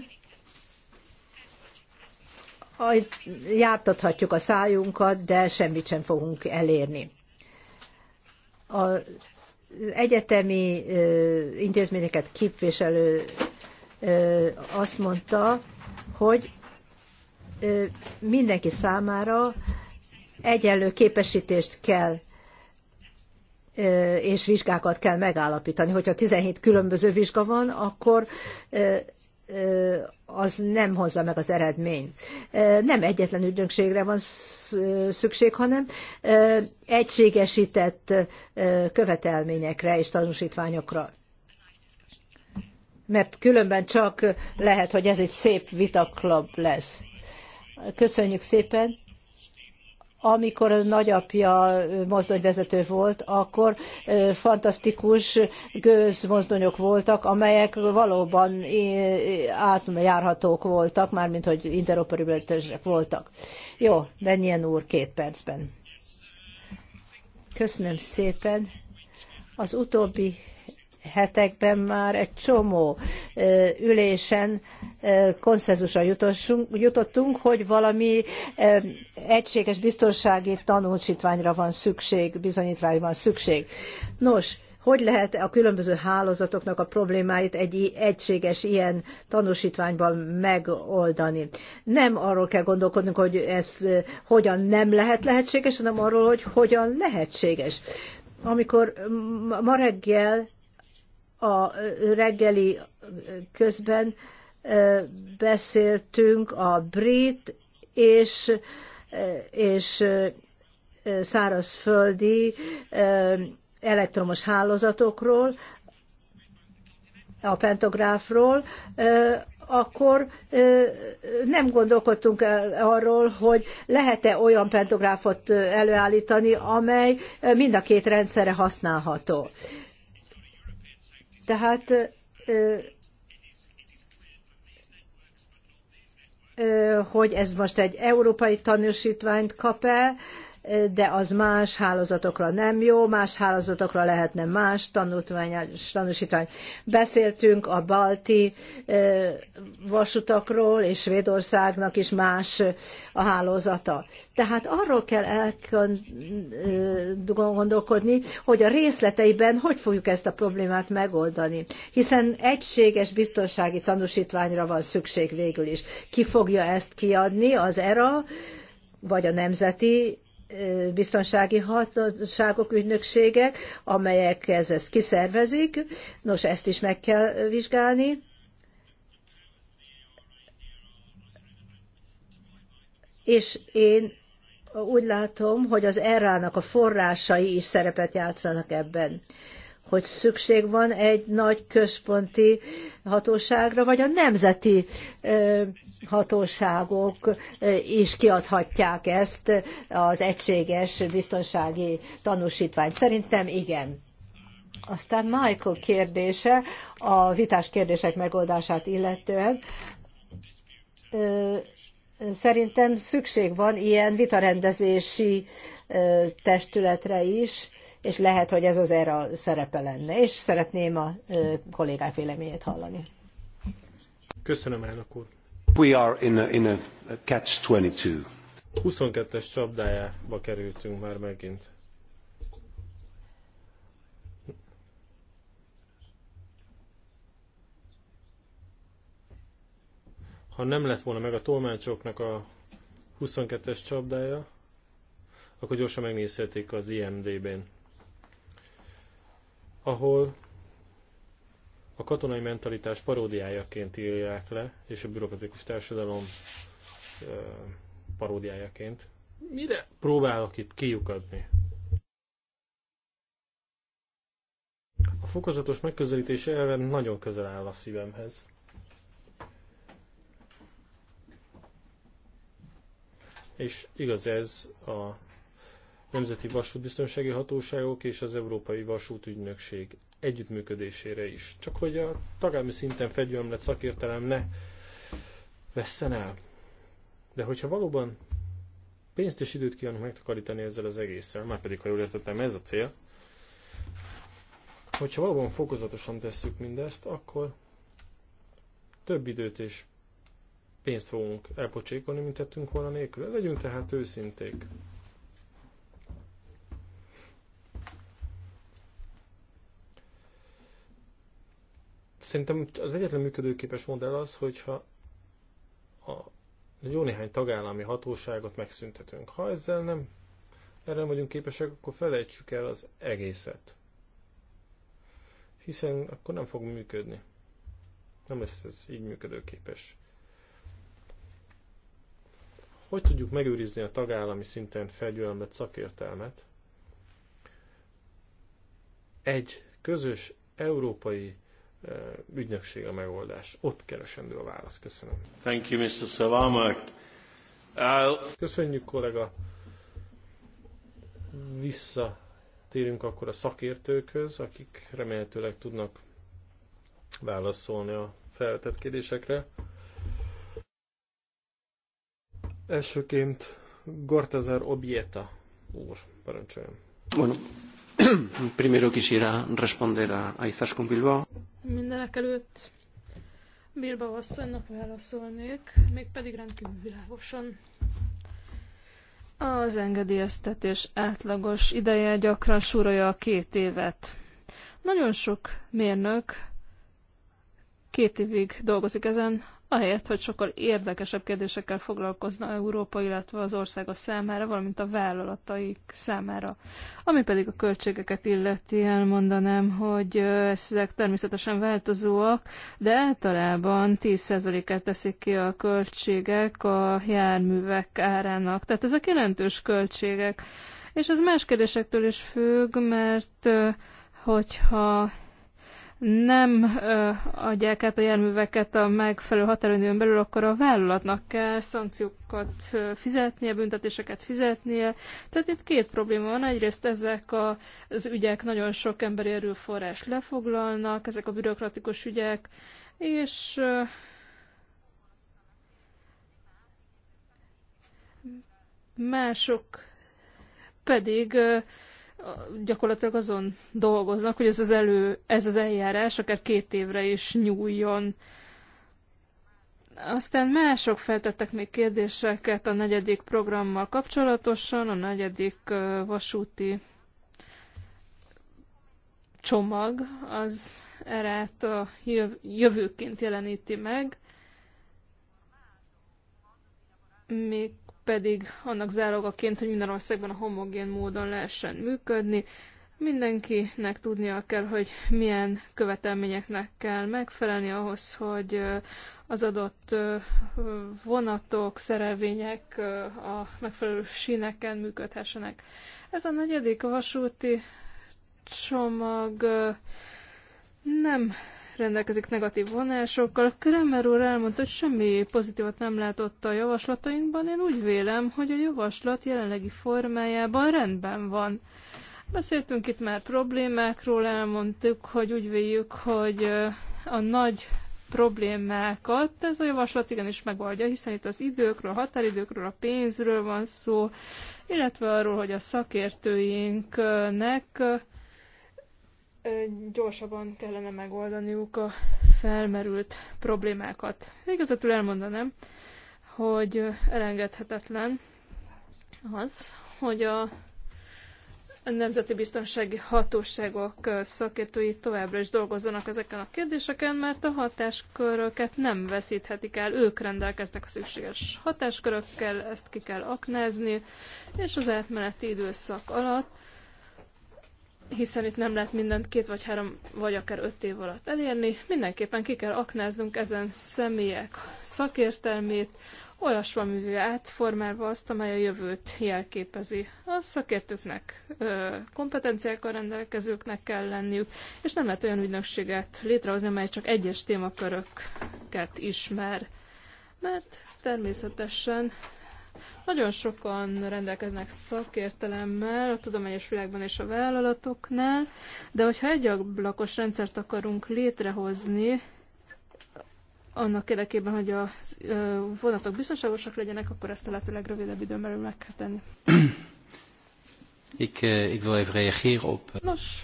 jártathatjuk a szájunkat, de semmit sem fogunk elérni. Az egyetemi intézményeket képviselő azt mondta, hogy mindenki számára egyenlő képesítést kell és vizsgákat kell megállapítani. Hogyha 17 különböző vizsga van, akkor az nem hozza meg az eredményt. Nem egyetlen ügynökségre van szükség, hanem egységesített követelményekre és tanúsítványokra mert különben csak lehet, hogy ez egy szép vitaklub lesz. Köszönjük szépen! amikor a nagyapja mozdonyvezető volt, akkor fantasztikus gőzmozdonyok voltak, amelyek valóban átjárhatók voltak, mármint hogy interoperabilitások voltak. Jó, menjen úr két percben. Köszönöm szépen. Az utóbbi hetekben már egy csomó ülésen konszenzusra jutottunk, hogy valami egységes biztonsági tanúsítványra van szükség, bizonyítványra van szükség. Nos, hogy lehet a különböző hálózatoknak a problémáit egy egységes ilyen tanúsítványban megoldani. Nem arról kell gondolkodnunk, hogy ez hogyan nem lehet lehetséges, hanem arról, hogy hogyan lehetséges. Amikor ma reggel a reggeli közben beszéltünk a brit és, és szárazföldi elektromos hálózatokról, a pentográfról, akkor nem gondolkodtunk arról, hogy lehet-e olyan pentográfot előállítani, amely mind a két rendszerre használható. Tehát hogy ez most egy európai tanúsítványt kap-e, de az más hálózatokra nem jó, más hálózatokra lehetne más tanúsítvány. Beszéltünk a balti vasutakról, és Svédországnak is más a hálózata. Tehát arról kell elgondolkodni, hogy a részleteiben hogy fogjuk ezt a problémát megoldani. Hiszen egységes biztonsági tanúsítványra van szükség végül is. Ki fogja ezt kiadni, az ERA, vagy a nemzeti biztonsági hatóságok, ügynökségek, amelyek ezt kiszervezik. Nos, ezt is meg kell vizsgálni. És én úgy látom, hogy az errának a forrásai is szerepet játszanak ebben hogy szükség van egy nagy központi hatóságra, vagy a nemzeti hatóságok is kiadhatják ezt az egységes biztonsági tanúsítványt. Szerintem igen. Aztán Michael kérdése, a vitás kérdések megoldását illetően Szerintem szükség van ilyen vitarendezési testületre is, és lehet, hogy ez az erre a szerepe lenne, és szeretném a kollégák véleményét hallani. Köszönöm, elnök úr. We are in a, in a catch 22. 22-es csapdájába kerültünk már megint. ha nem lett volna meg a tolmácsoknak a 22-es csapdája, akkor gyorsan megnézhetik az IMD-ben, ahol a katonai mentalitás paródiájaként írják le, és a bürokratikus társadalom paródiájaként. Mire próbálok itt kiukadni? A fokozatos megközelítés elve nagyon közel áll a szívemhez. és igaz ez a Nemzeti Vasútbiztonsági Hatóságok és az Európai Vasútügynökség együttműködésére is. Csak hogy a tagállami szinten fegyelmlet szakértelem ne vesszen el. De hogyha valóban pénzt és időt kívánunk megtakarítani ezzel az egésszel, már pedig, ha jól értettem, ez a cél, hogyha valóban fokozatosan tesszük mindezt, akkor több időt és pénzt fogunk elpocsékolni, mint tettünk volna nélkül. Legyünk tehát őszinték. Szerintem az egyetlen működőképes modell az, hogyha a jó néhány tagállami hatóságot megszüntetünk. Ha ezzel nem erre nem vagyunk képesek, akkor felejtsük el az egészet. Hiszen akkor nem fog működni. Nem lesz ez így működőképes. Hogy tudjuk megőrizni a tagállami szinten felgyülemlett szakértelmet? Egy közös európai eh, ügynökség a megoldás. Ott keresendő a válasz. Köszönöm. Thank you, Mr. I'll... Köszönjük, kollega. Visszatérünk akkor a szakértőkhöz, akik remélhetőleg tudnak válaszolni a feltett kérdésekre. Elsőként Gortazar Obieta úr, parancsoljon. Bueno, *clears throat* primero quisiera responder a, a Bilbao. Mindenek előtt Bilbao asszonynak válaszolnék, mégpedig rendkívül világosan. Az engedélyeztetés átlagos ideje gyakran súrolja a két évet. Nagyon sok mérnök két évig dolgozik ezen, ahelyett, hogy sokkal érdekesebb kérdésekkel foglalkozna Európa, illetve az országa számára, valamint a vállalataik számára. Ami pedig a költségeket illeti, elmondanám, hogy ezek természetesen változóak, de általában 10%-át teszik ki a költségek a járművek árának. Tehát ezek jelentős költségek. És ez más kérdésektől is függ, mert hogyha nem ö, adják át a járműveket a megfelelő határidőn belül, akkor a vállalatnak kell szankciókat fizetnie, büntetéseket fizetnie. Tehát itt két probléma van. Egyrészt ezek a, az ügyek nagyon sok emberi erőforrás lefoglalnak, ezek a bürokratikus ügyek, és ö, mások pedig ö, gyakorlatilag azon dolgoznak, hogy ez az, elő, ez az eljárás akár két évre is nyúljon. Aztán mások feltettek még kérdéseket a negyedik programmal kapcsolatosan, a negyedik vasúti csomag az erát a jövőként jeleníti meg. Még pedig annak zárogaként, hogy minden országban a homogén módon lehessen működni. Mindenkinek tudnia kell, hogy milyen követelményeknek kell megfelelni ahhoz, hogy az adott vonatok, szerelvények a megfelelő síneken működhessenek. Ez a negyedik vasúti csomag nem rendelkezik negatív vonásokkal. Kramer úr elmondta, hogy semmi pozitívat nem látott a javaslatainkban. Én úgy vélem, hogy a javaslat jelenlegi formájában rendben van. Beszéltünk itt már problémákról, elmondtuk, hogy úgy véljük, hogy a nagy problémákat ez a javaslat igenis megoldja, hiszen itt az időkről, a határidőkről, a pénzről van szó, illetve arról, hogy a szakértőinknek gyorsabban kellene megoldaniuk a felmerült problémákat. igazatul elmondanám, hogy elengedhetetlen az, hogy a nemzeti biztonsági hatóságok szakértői továbbra is dolgozzanak ezeken a kérdéseken, mert a hatásköröket nem veszíthetik el, ők rendelkeznek a szükséges hatáskörökkel, ezt ki kell aknázni, és az átmeneti időszak alatt hiszen itt nem lehet mindent két vagy három, vagy akár öt év alatt elérni. Mindenképpen ki kell aknáznunk ezen személyek szakértelmét, olyasmamivé átformálva azt, amely a jövőt jelképezi. A szakértőknek, kompetenciákkal rendelkezőknek kell lenniük, és nem lehet olyan ügynökséget létrehozni, amely csak egyes témaköröket ismer. Mert természetesen nagyon sokan rendelkeznek szakértelemmel a tudományos világban és a vállalatoknál, de hogyha egy ablakos rendszert akarunk létrehozni, annak érdekében, hogy a vonatok biztonságosak legyenek, akkor ezt a lehető legrövidebb időn belül meg kell tenni. Ik, eh, ik wil even reageren op. Eh, Nos,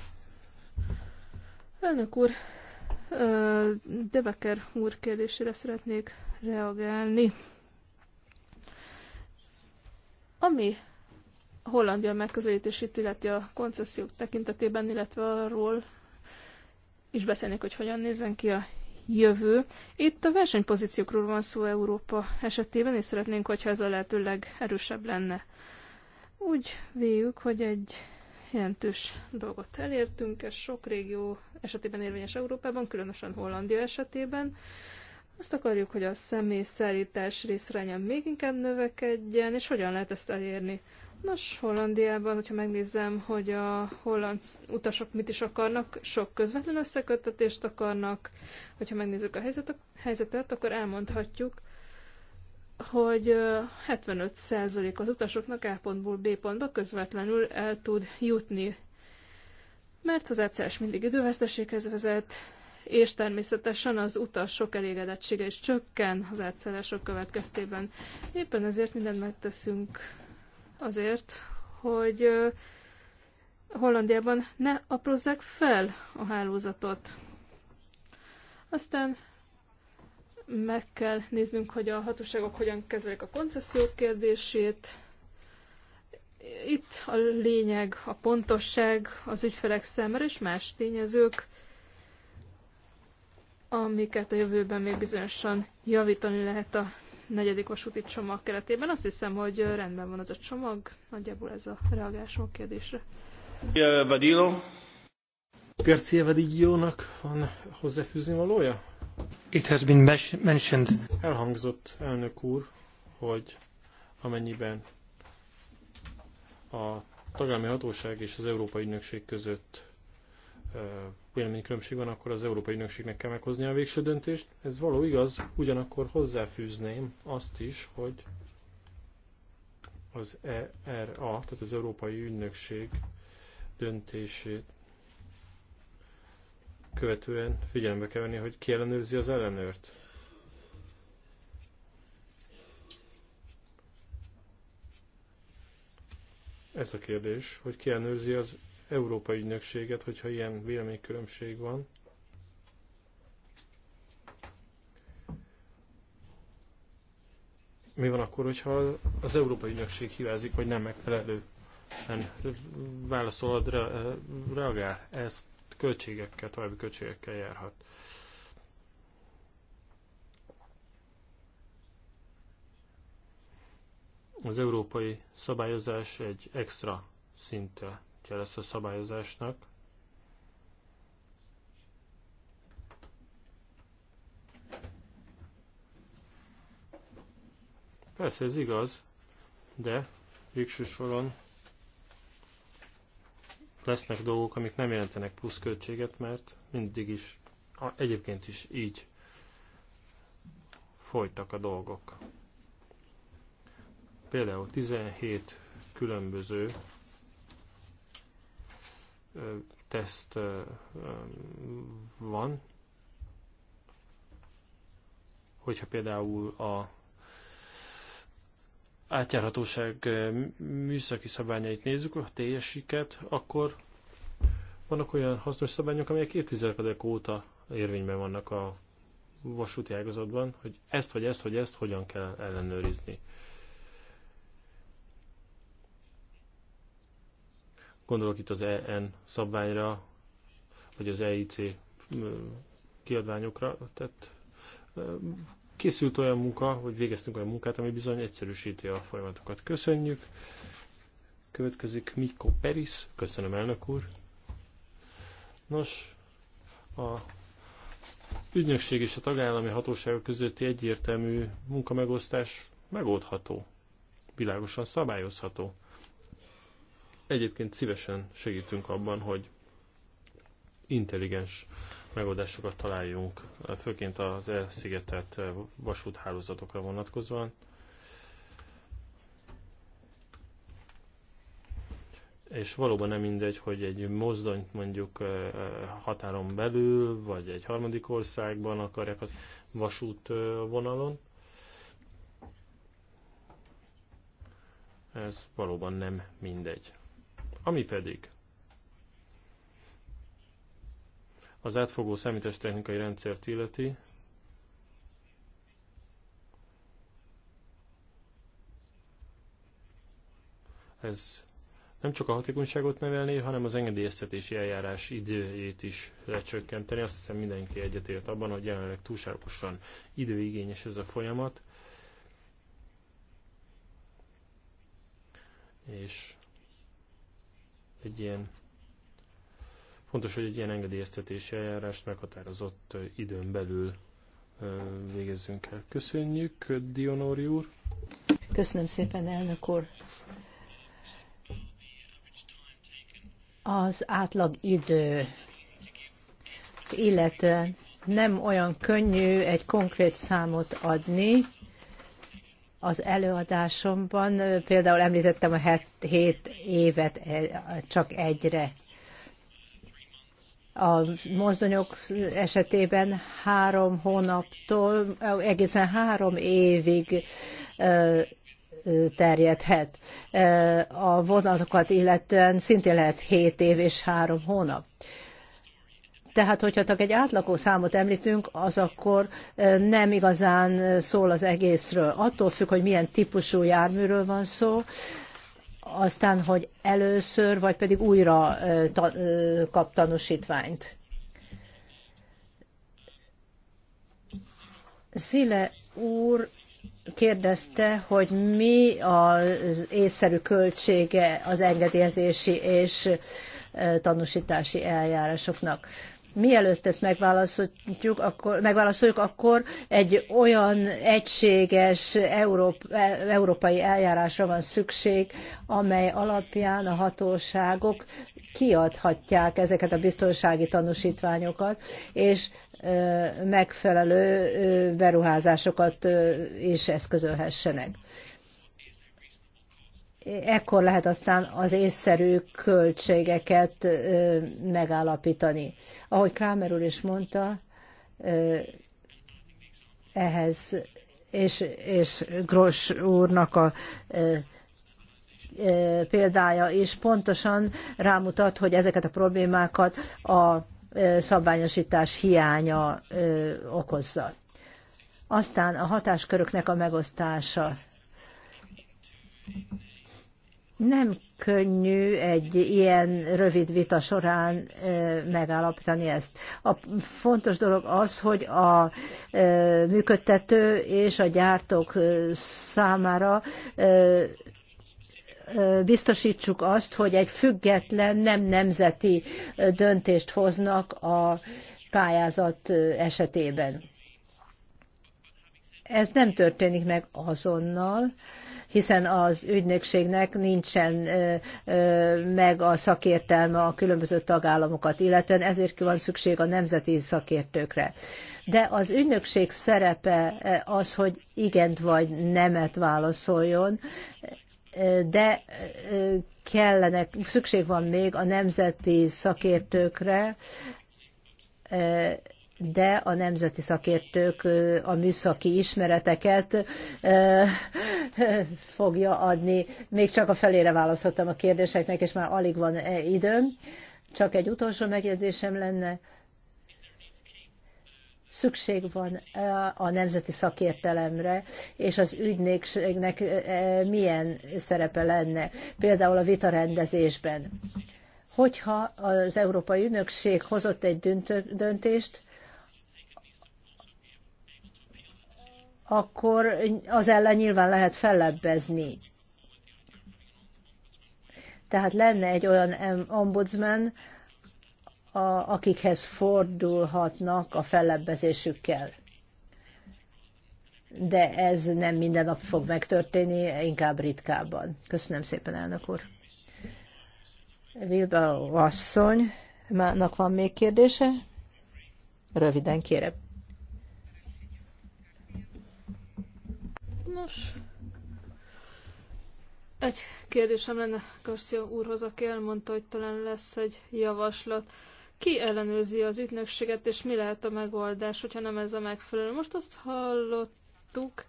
elnök úr, Debeker úr kérdésére szeretnék reagálni. Ami Hollandia megközelítését illeti a koncesziók tekintetében, illetve arról is beszélnék, hogy hogyan nézzen ki a jövő. Itt a versenypozíciókról van szó Európa esetében, és szeretnénk, hogyha ez a lehetőleg erősebb lenne. Úgy véljük, hogy egy jelentős dolgot elértünk, ez sok régió esetében érvényes Európában, különösen Hollandia esetében. Azt akarjuk, hogy a személyszállítás részrenye még inkább növekedjen, és hogyan lehet ezt elérni? Nos, Hollandiában, hogyha megnézem, hogy a holland utasok mit is akarnak, sok közvetlen összeköttetést akarnak, hogyha megnézzük a helyzetet, akkor elmondhatjuk, hogy 75% az utasoknak A pontból B pontba közvetlenül el tud jutni, mert az egyszeres mindig időveszteséghez vezet, és természetesen az sok elégedettsége is csökken az átszállások következtében. Éppen ezért mindent megteszünk azért, hogy Hollandiában ne aprózzák fel a hálózatot. Aztán meg kell néznünk, hogy a hatóságok hogyan kezelik a koncesziók kérdését. Itt a lényeg a pontosság az ügyfelek számára és más tényezők, amiket a jövőben még bizonyosan javítani lehet a negyedik vasúti csomag keretében. Azt hiszem, hogy rendben van az a csomag. Nagyjából ez a reagásom a kérdésre. Vadillo. Garcia Vadillónak van hozzáfűzni valója? It has been mentioned. Elhangzott, elnök úr, hogy amennyiben a tagállami hatóság és az Európai Ügynökség között véleménykülönbség van, akkor az Európai Ügynökségnek kell meghozni a végső döntést. Ez való igaz, ugyanakkor hozzáfűzném azt is, hogy az ERA, tehát az Európai Ügynökség döntését követően figyelembe kell venni, hogy ki ellenőrzi az ellenőrt. Ez a kérdés, hogy ki ellenőrzi az Európai Ügynökséget, hogyha ilyen véleménykülönbség van. Mi van akkor, hogyha az Európai Ügynökség hibázik, vagy nem megfelelő válaszol, re, reagál? Ezt költségekkel, további költségekkel járhat. az európai szabályozás egy extra szinttel pontja lesz a szabályozásnak. Persze ez igaz, de végső soron lesznek dolgok, amik nem jelentenek pluszköltséget, mert mindig is, egyébként is így folytak a dolgok. Például 17 különböző teszt van, hogyha például a átjárhatóság műszaki szabányait nézzük, a ts akkor vannak olyan hasznos szabályok, amelyek évtizedek óta érvényben vannak a vasúti ágazatban, hogy ezt vagy ezt vagy ezt hogyan kell ellenőrizni. Gondolok itt az EN szabványra, vagy az EIC kiadványokra. Tehát készült olyan munka, hogy végeztünk olyan munkát, ami bizony egyszerűsíti a folyamatokat. Köszönjük. Következik Mikko Peris. Köszönöm, elnök úr. Nos, a ügynökség és a tagállami hatóságok közötti egyértelmű munkamegosztás megoldható, világosan szabályozható. Egyébként szívesen segítünk abban, hogy intelligens megoldásokat találjunk, főként az elszigetelt vasúthálózatokra vonatkozóan. és valóban nem mindegy, hogy egy mozdonyt mondjuk határon belül, vagy egy harmadik országban akarják az vasút vonalon. Ez valóban nem mindegy. Ami pedig az átfogó technikai rendszert illeti, ez nem csak a hatékonyságot nevelni, hanem az engedélyeztetési eljárás időjét is lecsökkenteni. Azt hiszem mindenki egyetért abban, hogy jelenleg túlságosan időigényes ez a folyamat. És egy ilyen fontos, hogy egy ilyen engedélyeztetési eljárást meghatározott időn belül végezzünk el. Köszönjük, Dionori úr! Köszönöm szépen, elnök úr! Az átlag idő illetően nem olyan könnyű egy konkrét számot adni, az előadásomban például említettem a 7 évet e, csak egyre. A mozdonyok esetében három hónaptól egészen három évig terjedhet. A vonatokat illetően szintén lehet 7 év és három hónap. Tehát, hogyha csak egy átlagó számot említünk, az akkor nem igazán szól az egészről. Attól függ, hogy milyen típusú járműről van szó, aztán, hogy először, vagy pedig újra ta, kap tanúsítványt. Szile úr kérdezte, hogy mi az észszerű költsége az engedélyezési és tanúsítási eljárásoknak. Mielőtt ezt megválaszoljuk, akkor, megválaszoljuk, akkor egy olyan egységes európai eljárásra van szükség, amely alapján a hatóságok kiadhatják ezeket a biztonsági tanúsítványokat, és megfelelő beruházásokat is eszközölhessenek ekkor lehet aztán az észszerű költségeket megállapítani. Ahogy Kramer úr is mondta, ehhez és, és Gross úrnak a példája is pontosan rámutat, hogy ezeket a problémákat a szabványosítás hiánya okozza. Aztán a hatásköröknek a megosztása nem könnyű egy ilyen rövid vita során megállapítani ezt. A fontos dolog az, hogy a működtető és a gyártók számára biztosítsuk azt, hogy egy független, nem nemzeti döntést hoznak a pályázat esetében. Ez nem történik meg azonnal, hiszen az ügynökségnek nincsen meg a szakértelme a különböző tagállamokat, illetően ezért van szükség a nemzeti szakértőkre. De az ügynökség szerepe az, hogy igent vagy nemet válaszoljon, de kellene, szükség van még a nemzeti szakértőkre, de a nemzeti szakértők a műszaki ismereteket fogja adni. Még csak a felére válaszoltam a kérdéseknek, és már alig van e, időm. Csak egy utolsó megjegyzésem lenne. Szükség van e, a nemzeti szakértelemre, és az ügynökségnek e, milyen szerepe lenne, például a vitarendezésben. Hogyha az Európai Ügynökség hozott egy döntést, akkor az ellen nyilván lehet fellebbezni. Tehát lenne egy olyan ombudsman, a, akikhez fordulhatnak a fellebbezésükkel. De ez nem minden nap fog megtörténni, inkább ritkábban. Köszönöm szépen, elnök úr. Vilba asszony, mának van még kérdése? Röviden kérem. sajnos. egy kérdésem lenne Garcia úrhoz, aki elmondta, hogy talán lesz egy javaslat. Ki ellenőrzi az ügynökséget, és mi lehet a megoldás, hogyha nem ez a megfelelő? Most azt hallottuk,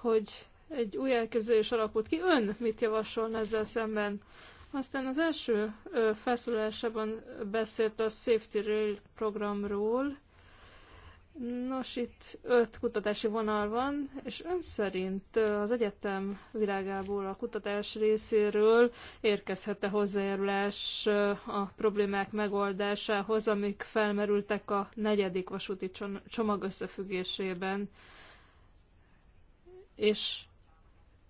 hogy egy új elképzelés alakult ki. Ön mit javasolna ezzel szemben? Aztán az első felszólalásában beszélt a Safety Rail programról, Nos, itt öt kutatási vonal van, és ön szerint az egyetem világából a kutatás részéről érkezhet-e hozzájárulás a problémák megoldásához, amik felmerültek a negyedik vasúti csomag összefüggésében, és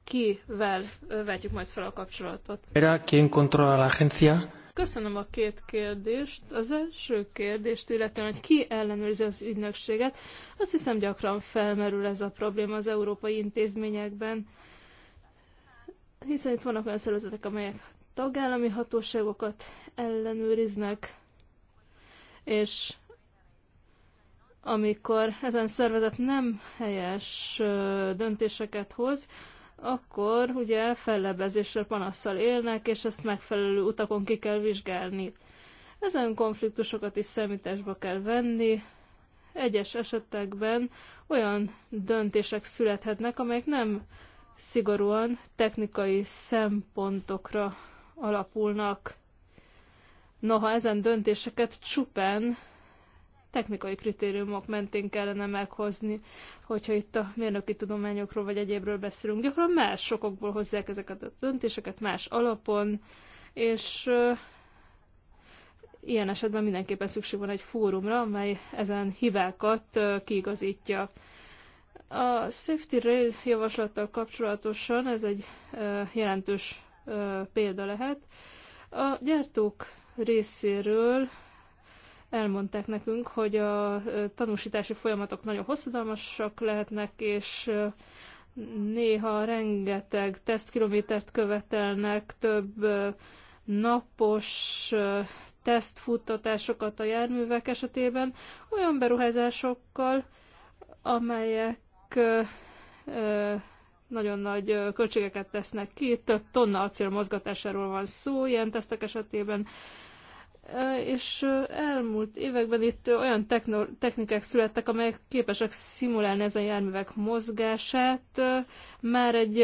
kivel vetjük majd fel a kapcsolatot? Era quién controla la agencia Köszönöm a két kérdést. Az első kérdést illetően, hogy ki ellenőrzi az ügynökséget, azt hiszem gyakran felmerül ez a probléma az európai intézményekben, hiszen itt vannak olyan szervezetek, amelyek tagállami hatóságokat ellenőriznek, és amikor ezen szervezet nem helyes döntéseket hoz, akkor ugye fellebezéssel, panaszsal élnek, és ezt megfelelő utakon ki kell vizsgálni. Ezen konfliktusokat is szemítésbe kell venni. Egyes esetekben olyan döntések születhetnek, amelyek nem szigorúan technikai szempontokra alapulnak. Noha ezen döntéseket csupán technikai kritériumok mentén kellene meghozni, hogyha itt a mérnöki tudományokról vagy egyébről beszélünk. Gyakran más sokokból hozzák ezeket a döntéseket, más alapon, és ilyen esetben mindenképpen szükség van egy fórumra, amely ezen hibákat kiigazítja. A Safety Rail javaslattal kapcsolatosan ez egy jelentős példa lehet. A gyártók részéről elmondták nekünk, hogy a tanúsítási folyamatok nagyon hosszadalmasak lehetnek, és néha rengeteg tesztkilométert követelnek, több napos tesztfuttatásokat a járművek esetében, olyan beruházásokkal, amelyek nagyon nagy költségeket tesznek ki, több tonna acél mozgatásáról van szó ilyen tesztek esetében, és elmúlt években itt olyan technikák születtek, amelyek képesek szimulálni ezen járművek mozgását már egy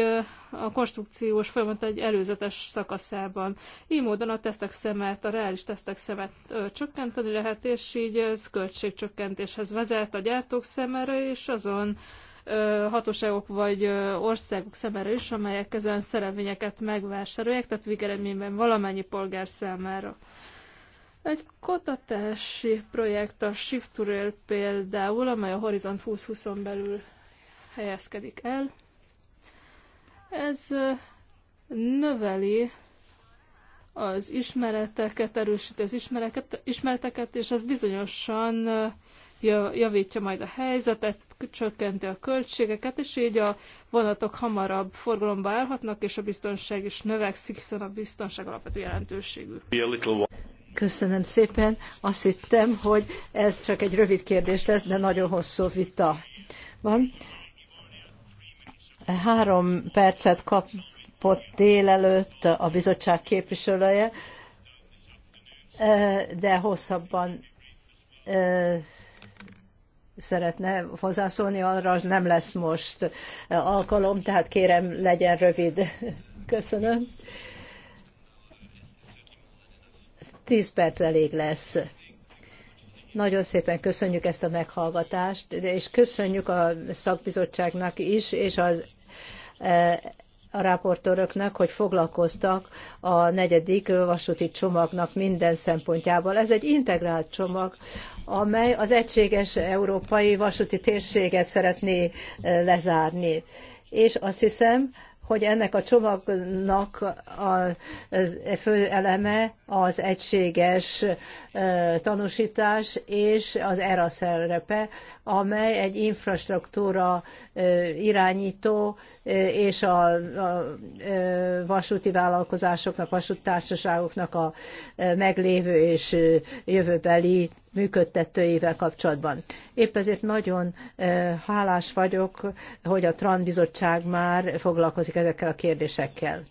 a konstrukciós folyamat egy előzetes szakaszában. Így módon a tesztek szemet, a reális tesztek szemet csökkenteni lehet, és így ez költségcsökkentéshez vezet a gyártók szemére, és azon hatóságok vagy országok szemére is, amelyek ezen szerevényeket megvásárolják, tehát végeredményben valamennyi polgár számára. Egy kotatási projekt a Shift to Rail például, amely a Horizont 2020 belül helyezkedik el. Ez növeli az ismereteket, erősíti az ismereket, ismereteket, és ez bizonyosan javítja majd a helyzetet, csökkenti a költségeket, és így a vonatok hamarabb forgalomba állhatnak, és a biztonság is növekszik, hiszen a biztonság alapvető jelentőségű. Köszönöm szépen. Azt hittem, hogy ez csak egy rövid kérdés lesz, de nagyon hosszú vita van. Három percet kapott délelőtt a bizottság képviselője, de hosszabban szeretne hozzászólni, arra nem lesz most alkalom, tehát kérem, legyen rövid. Köszönöm. 10 perc elég lesz. Nagyon szépen köszönjük ezt a meghallgatást, és köszönjük a szakbizottságnak is, és az e, a raportoroknak, hogy foglalkoztak a negyedik vasúti csomagnak minden szempontjából. Ez egy integrált csomag, amely az egységes európai vasúti térséget szeretné e, lezárni. És azt hiszem, hogy ennek a csomagnak a fő eleme az egységes tanúsítás és az ERA szerepe, amely egy infrastruktúra irányító és a vasúti vállalkozásoknak, társaságoknak a meglévő és jövőbeli működtetőivel kapcsolatban. Épp ezért nagyon eh, hálás vagyok, hogy a TRAN bizottság már foglalkozik ezekkel a kérdésekkel.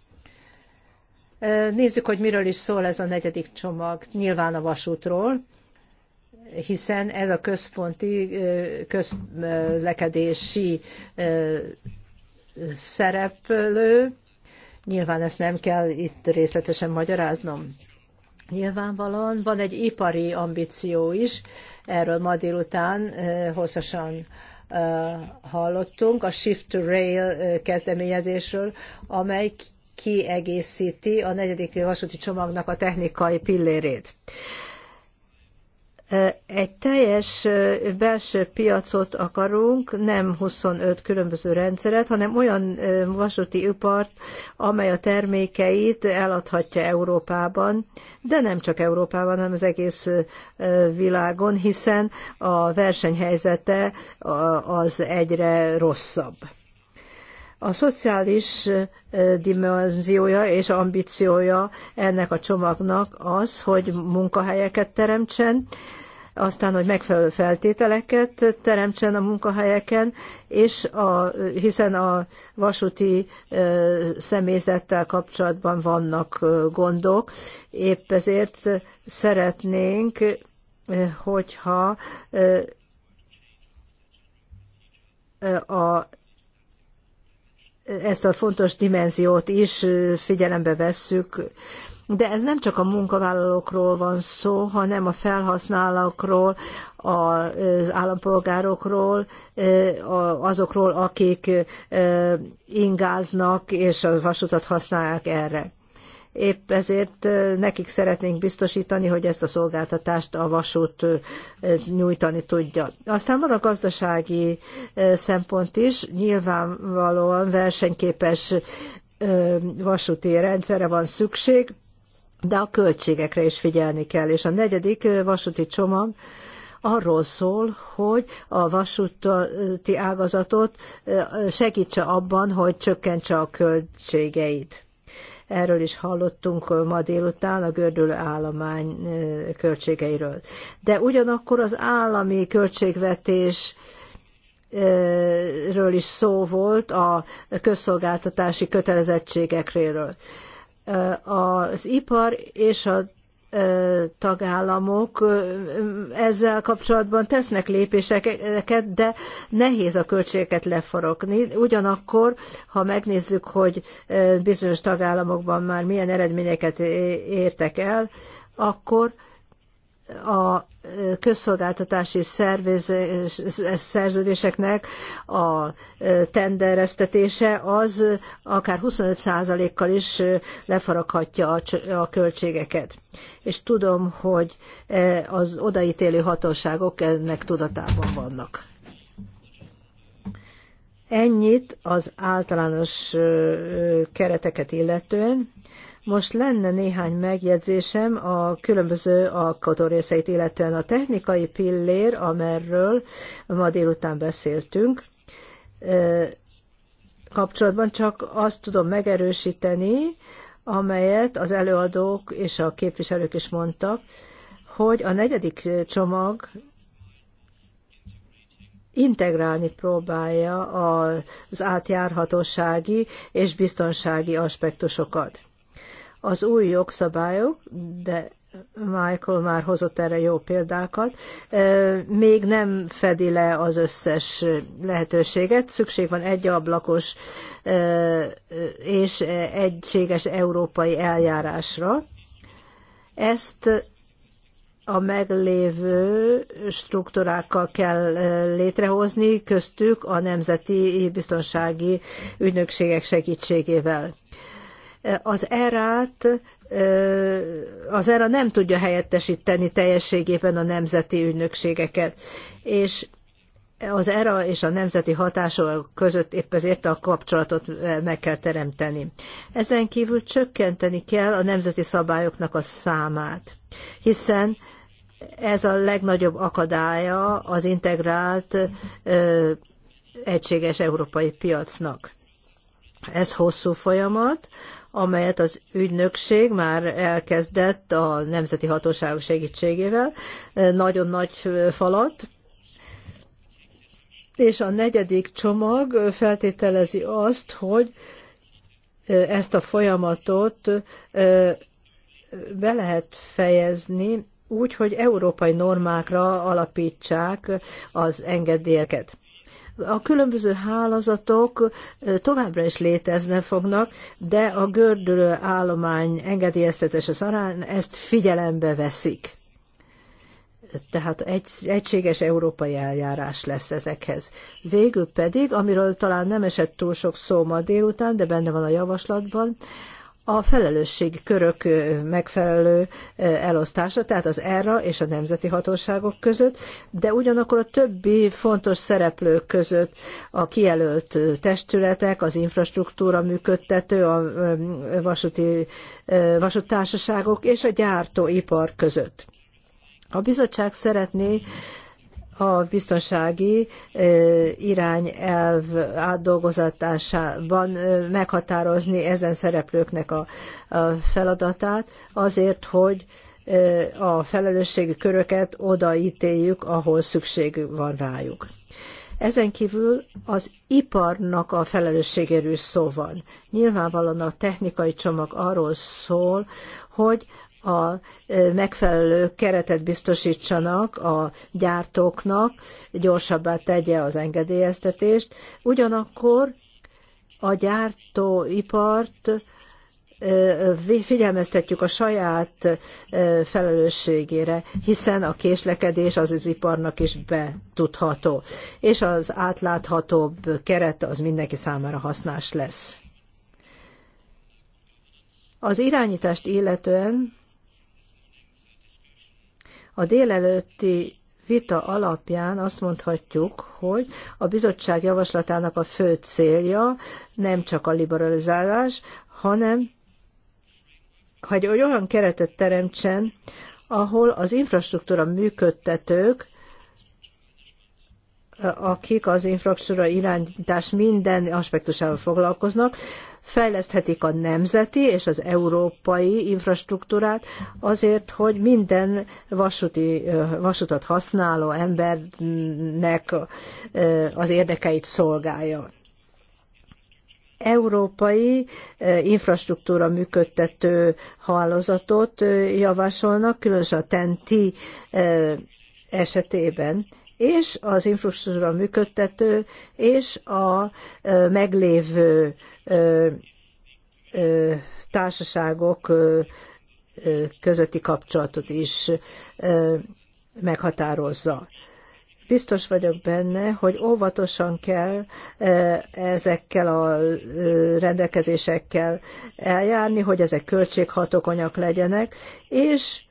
Eh, nézzük, hogy miről is szól ez a negyedik csomag. Nyilván a vasútról, hiszen ez a központi eh, közlekedési szereplő. Nyilván ezt nem kell itt részletesen magyaráznom. Nyilvánvalóan van egy ipari ambíció is, erről ma délután hosszasan hallottunk, a Shift to Rail kezdeményezésről, amely kiegészíti a negyedik vasúti csomagnak a technikai pillérét. Egy teljes belső piacot akarunk, nem 25 különböző rendszeret, hanem olyan vasúti ipart, amely a termékeit eladhatja Európában, de nem csak Európában, hanem az egész világon, hiszen a versenyhelyzete az egyre rosszabb. A szociális dimenziója és ambíciója ennek a csomagnak az, hogy munkahelyeket teremtsen, aztán, hogy megfelelő feltételeket teremtsen a munkahelyeken, és a, hiszen a vasúti személyzettel kapcsolatban vannak gondok, épp ezért szeretnénk, hogyha a ezt a fontos dimenziót is figyelembe vesszük de ez nem csak a munkavállalókról van szó, hanem a felhasználókról, az állampolgárokról, azokról, akik ingáznak és a vasutat használják erre. Épp ezért nekik szeretnénk biztosítani, hogy ezt a szolgáltatást a vasút nyújtani tudja. Aztán van a gazdasági szempont is, nyilvánvalóan versenyképes vasúti rendszerre van szükség, de a költségekre is figyelni kell. És a negyedik vasúti csomag arról szól, hogy a vasúti ágazatot segítse abban, hogy csökkentse a költségeit. Erről is hallottunk ma délután a gördülő állomány költségeiről. De ugyanakkor az állami költségvetés ről is szó volt a közszolgáltatási kötelezettségekről az ipar és a tagállamok ezzel kapcsolatban tesznek lépéseket, de nehéz a költségeket leforogni. Ugyanakkor, ha megnézzük, hogy bizonyos tagállamokban már milyen eredményeket értek el, akkor a közszolgáltatási szerződéseknek a tendereztetése az akár 25%-kal is lefaraghatja a költségeket. És tudom, hogy az odaítélő hatóságok ennek tudatában vannak. Ennyit az általános kereteket illetően. Most lenne néhány megjegyzésem a különböző részeit, illetően a technikai pillér, amerről ma délután beszéltünk, kapcsolatban csak azt tudom megerősíteni, amelyet az előadók és a képviselők is mondtak, hogy a negyedik csomag integrálni próbálja az átjárhatósági és biztonsági aspektusokat az új jogszabályok, de Michael már hozott erre jó példákat, még nem fedi le az összes lehetőséget. Szükség van egy ablakos és egységes európai eljárásra. Ezt a meglévő struktúrákkal kell létrehozni, köztük a nemzeti biztonsági ügynökségek segítségével az erát az ERA nem tudja helyettesíteni teljességében a nemzeti ügynökségeket, és az ERA és a nemzeti hatások között épp ezért a kapcsolatot meg kell teremteni. Ezen kívül csökkenteni kell a nemzeti szabályoknak a számát, hiszen ez a legnagyobb akadálya az integrált egységes európai piacnak. Ez hosszú folyamat, amelyet az ügynökség már elkezdett a nemzeti hatóságok segítségével. Nagyon nagy falat. És a negyedik csomag feltételezi azt, hogy ezt a folyamatot be lehet fejezni úgy, hogy európai normákra alapítsák az engedélyeket. A különböző hálózatok továbbra is létezni fognak, de a gördülő állomány engedélyeztetése szarán ezt figyelembe veszik. Tehát egy, egységes európai eljárás lesz ezekhez. Végül pedig, amiről talán nem esett túl sok szó ma délután, de benne van a javaslatban, a felelősségkörök megfelelő elosztása, tehát az ERA és a nemzeti hatóságok között, de ugyanakkor a többi fontos szereplők között a kijelölt testületek, az infrastruktúra működtető, a vasúti, vasúttársaságok és a gyártóipar között. A bizottság szeretné a biztonsági irányelv átdolgozatásában meghatározni ezen szereplőknek a feladatát, azért, hogy a felelősségi köröket odaítéljük, ahol szükség van rájuk. Ezen kívül az iparnak a felelősségéről szó van. Nyilvánvalóan a technikai csomag arról szól, hogy a megfelelő keretet biztosítsanak a gyártóknak, gyorsabbá tegye az engedélyeztetést. Ugyanakkor a gyártóipart figyelmeztetjük a saját felelősségére, hiszen a késlekedés az az iparnak is betudható, és az átláthatóbb keret az mindenki számára hasznás lesz. Az irányítást illetően a délelőtti vita alapján azt mondhatjuk, hogy a bizottság javaslatának a fő célja nem csak a liberalizálás, hanem hogy olyan keretet teremtsen, ahol az infrastruktúra működtetők, akik az infrastruktúra irányítás minden aspektusával foglalkoznak, fejleszthetik a nemzeti és az európai infrastruktúrát azért, hogy minden vasúti, vasutat használó embernek az érdekeit szolgálja európai infrastruktúra működtető hálózatot javasolnak, különösen a TEN-T esetében, és az infrastruktúra működtető, és a meglévő társaságok közötti kapcsolatot is meghatározza. Biztos vagyok benne, hogy óvatosan kell ezekkel a rendelkezésekkel eljárni, hogy ezek költséghatókonyak legyenek, és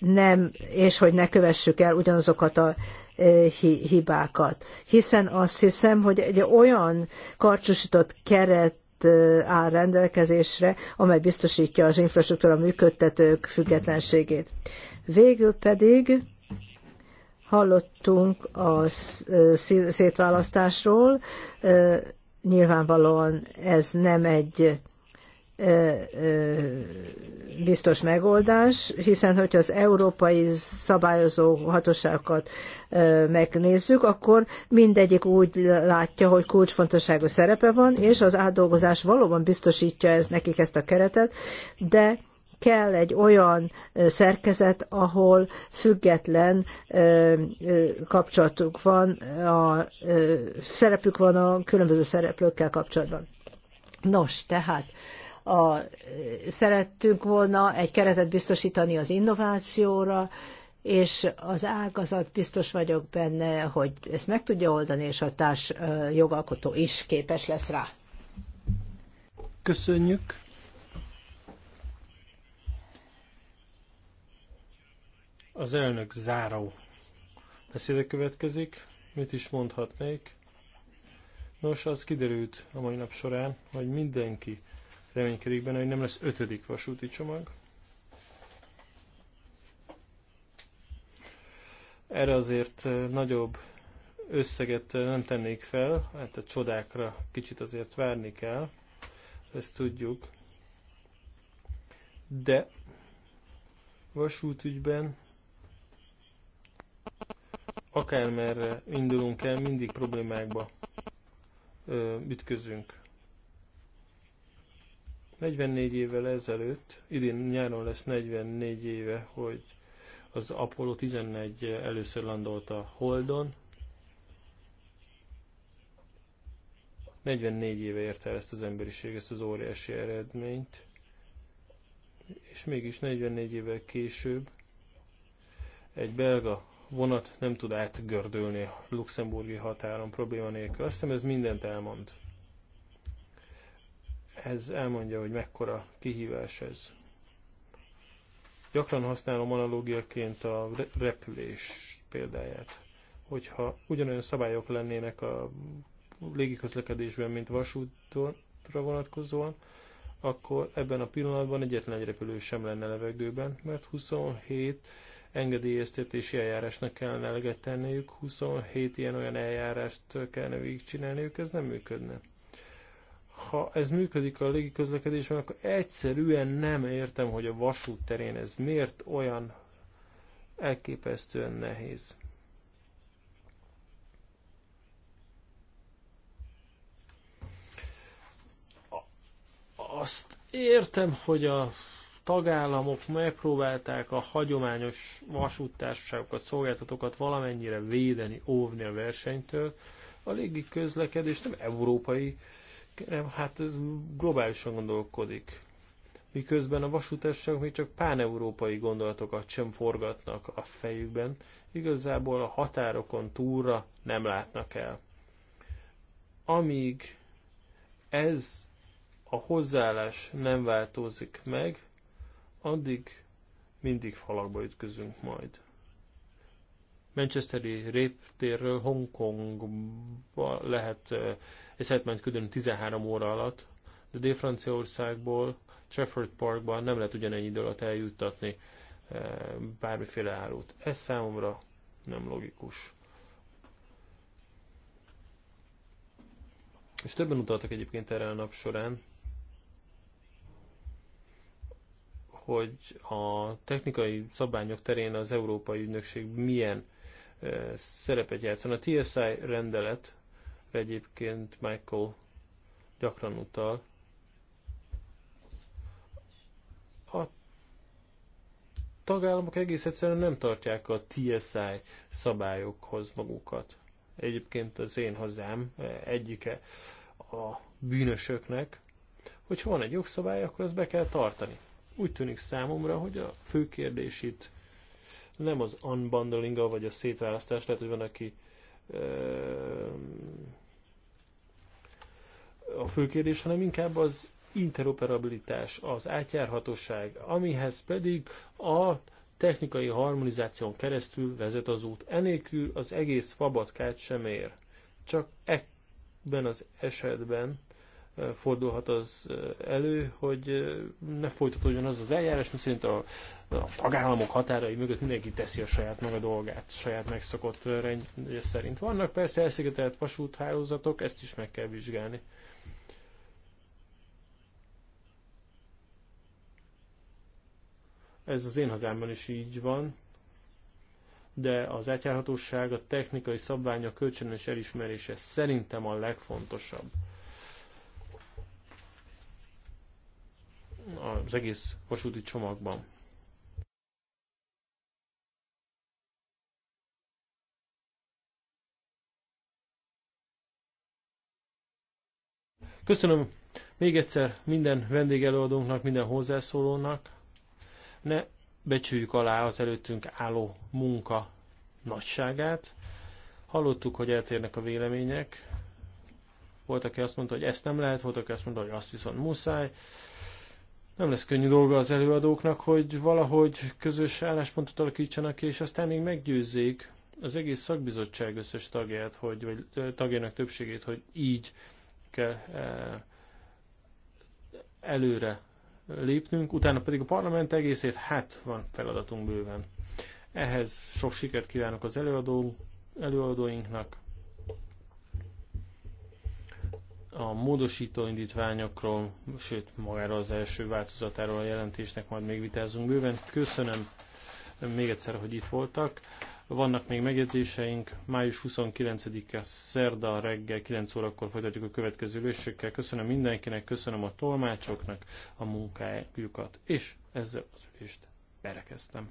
nem, és hogy ne kövessük el ugyanazokat a hibákat. Hiszen azt hiszem, hogy egy olyan karcsúsított keret áll rendelkezésre, amely biztosítja az infrastruktúra működtetők függetlenségét. Végül pedig hallottunk a szétválasztásról, nyilvánvalóan ez nem egy biztos megoldás, hiszen hogyha az európai szabályozó hatóságokat megnézzük, akkor mindegyik úgy látja, hogy kulcsfontosságú szerepe van, és az átdolgozás valóban biztosítja ez nekik ezt a keretet, de kell egy olyan szerkezet, ahol független kapcsolatuk van, a, szerepük van a különböző szereplőkkel kapcsolatban. Nos, tehát a, szerettünk volna egy keretet biztosítani az innovációra, és az ágazat biztos vagyok benne, hogy ezt meg tudja oldani, és a társ jogalkotó is képes lesz rá. Köszönjük. Az elnök záró beszéde következik. Mit is mondhatnék? Nos, az kiderült a mai nap során, hogy mindenki reménykedik benne, hogy nem lesz ötödik vasúti csomag. Erre azért eh, nagyobb összeget eh, nem tennék fel, hát a csodákra kicsit azért várni kell, ezt tudjuk. De vasútügyben akármerre indulunk el, mindig problémákba eh, ütközünk. 44 évvel ezelőtt, idén nyáron lesz 44 éve, hogy az Apollo 11 először landolt a Holdon. 44 éve érte el ezt az emberiség, ezt az óriási eredményt. És mégis 44 évvel később egy belga vonat nem tud átgördülni a luxemburgi határon probléma nélkül. Azt hiszem ez mindent elmond ez elmondja, hogy mekkora kihívás ez. Gyakran használom analógiaként a repülés példáját. Hogyha ugyanolyan szabályok lennének a légiközlekedésben, mint vasútra vonatkozóan, akkor ebben a pillanatban egyetlen egy repülő sem lenne levegőben, mert 27 engedélyeztetési eljárásnak kellene eleget tenniük, 27 ilyen-olyan eljárást kellene végigcsinálniuk, ez nem működne ha ez működik a közlekedésben, akkor egyszerűen nem értem, hogy a vasút terén ez miért olyan elképesztően nehéz. Azt értem, hogy a tagállamok megpróbálták a hagyományos vasúttársaságokat, szolgáltatókat valamennyire védeni, óvni a versenytől. A légi közlekedés nem európai uh, hát ez globálisan gondolkodik. Miközben a vasútársaságok még csak páneurópai gondolatokat sem forgatnak a fejükben, igazából a határokon túlra nem látnak el. Amíg ez a hozzáállás nem változik meg, addig mindig falakba ütközünk majd. Manchesteri réptérről Hongkongba lehet eh, és szeretnénk küldeni 13 óra alatt, de Dél-Franciaországból Trafford Parkban nem lehet ugyanennyi idő alatt eljuttatni eh, bármiféle árut. Ez számomra nem logikus. És többen utaltak egyébként erre a nap során, hogy a technikai szabványok terén az Európai Ügynökség milyen eh, szerepet játszon. A TSI rendelet egyébként Michael gyakran utal, a tagállamok egész egyszerűen nem tartják a TSI szabályokhoz magukat. Egyébként az én hazám eh, egyike a bűnösöknek, hogyha van egy jogszabály, akkor ezt be kell tartani. Úgy tűnik számomra, hogy a fő kérdés itt nem az unbundling vagy a szétválasztás, lehet, hogy van, aki ö, eh, a fő kérdés, hanem inkább az interoperabilitás, az átjárhatóság, amihez pedig a technikai harmonizáción keresztül vezet az út. Enélkül az egész fabatkát sem ér. Csak ebben az esetben eh, fordulhat az eh, elő, hogy eh, ne folytatódjon az az eljárás, szerint a, a tagállamok határai mögött mindenki teszi a saját maga dolgát, saját megszokott rendje szerint. Vannak persze elszigetelt vasúthálózatok, ezt is meg kell vizsgálni. Ez az én hazámban is így van, de az átjárhatóság, a technikai szabványa, a kölcsönös elismerése szerintem a legfontosabb. Az egész vasúti csomagban. Köszönöm még egyszer minden vendégelőadónknak, minden hozzászólónak. Ne becsüljük alá az előttünk álló munka nagyságát. Hallottuk, hogy eltérnek a vélemények. Volt, aki azt mondta, hogy ezt nem lehet, volt, aki azt mondta, hogy azt viszont muszáj. Nem lesz könnyű dolga az előadóknak, hogy valahogy közös álláspontot alakítsanak ki, és aztán még meggyőzzék az egész szakbizottság összes tagját, hogy, vagy tagjának többségét, hogy így kell előre lépnünk, utána pedig a parlament egészét, hát van feladatunk bőven. Ehhez sok sikert kívánok az előadó, előadóinknak. A módosító indítványokról, sőt magáról az első változatáról a jelentésnek majd még vitázunk bőven. Köszönöm még egyszer, hogy itt voltak. Vannak még megjegyzéseink. Május 29-e szerda reggel 9 órakor folytatjuk a következő ülésekkel. Köszönöm mindenkinek, köszönöm a tolmácsoknak a munkájukat, és ezzel az ülést berekeztem.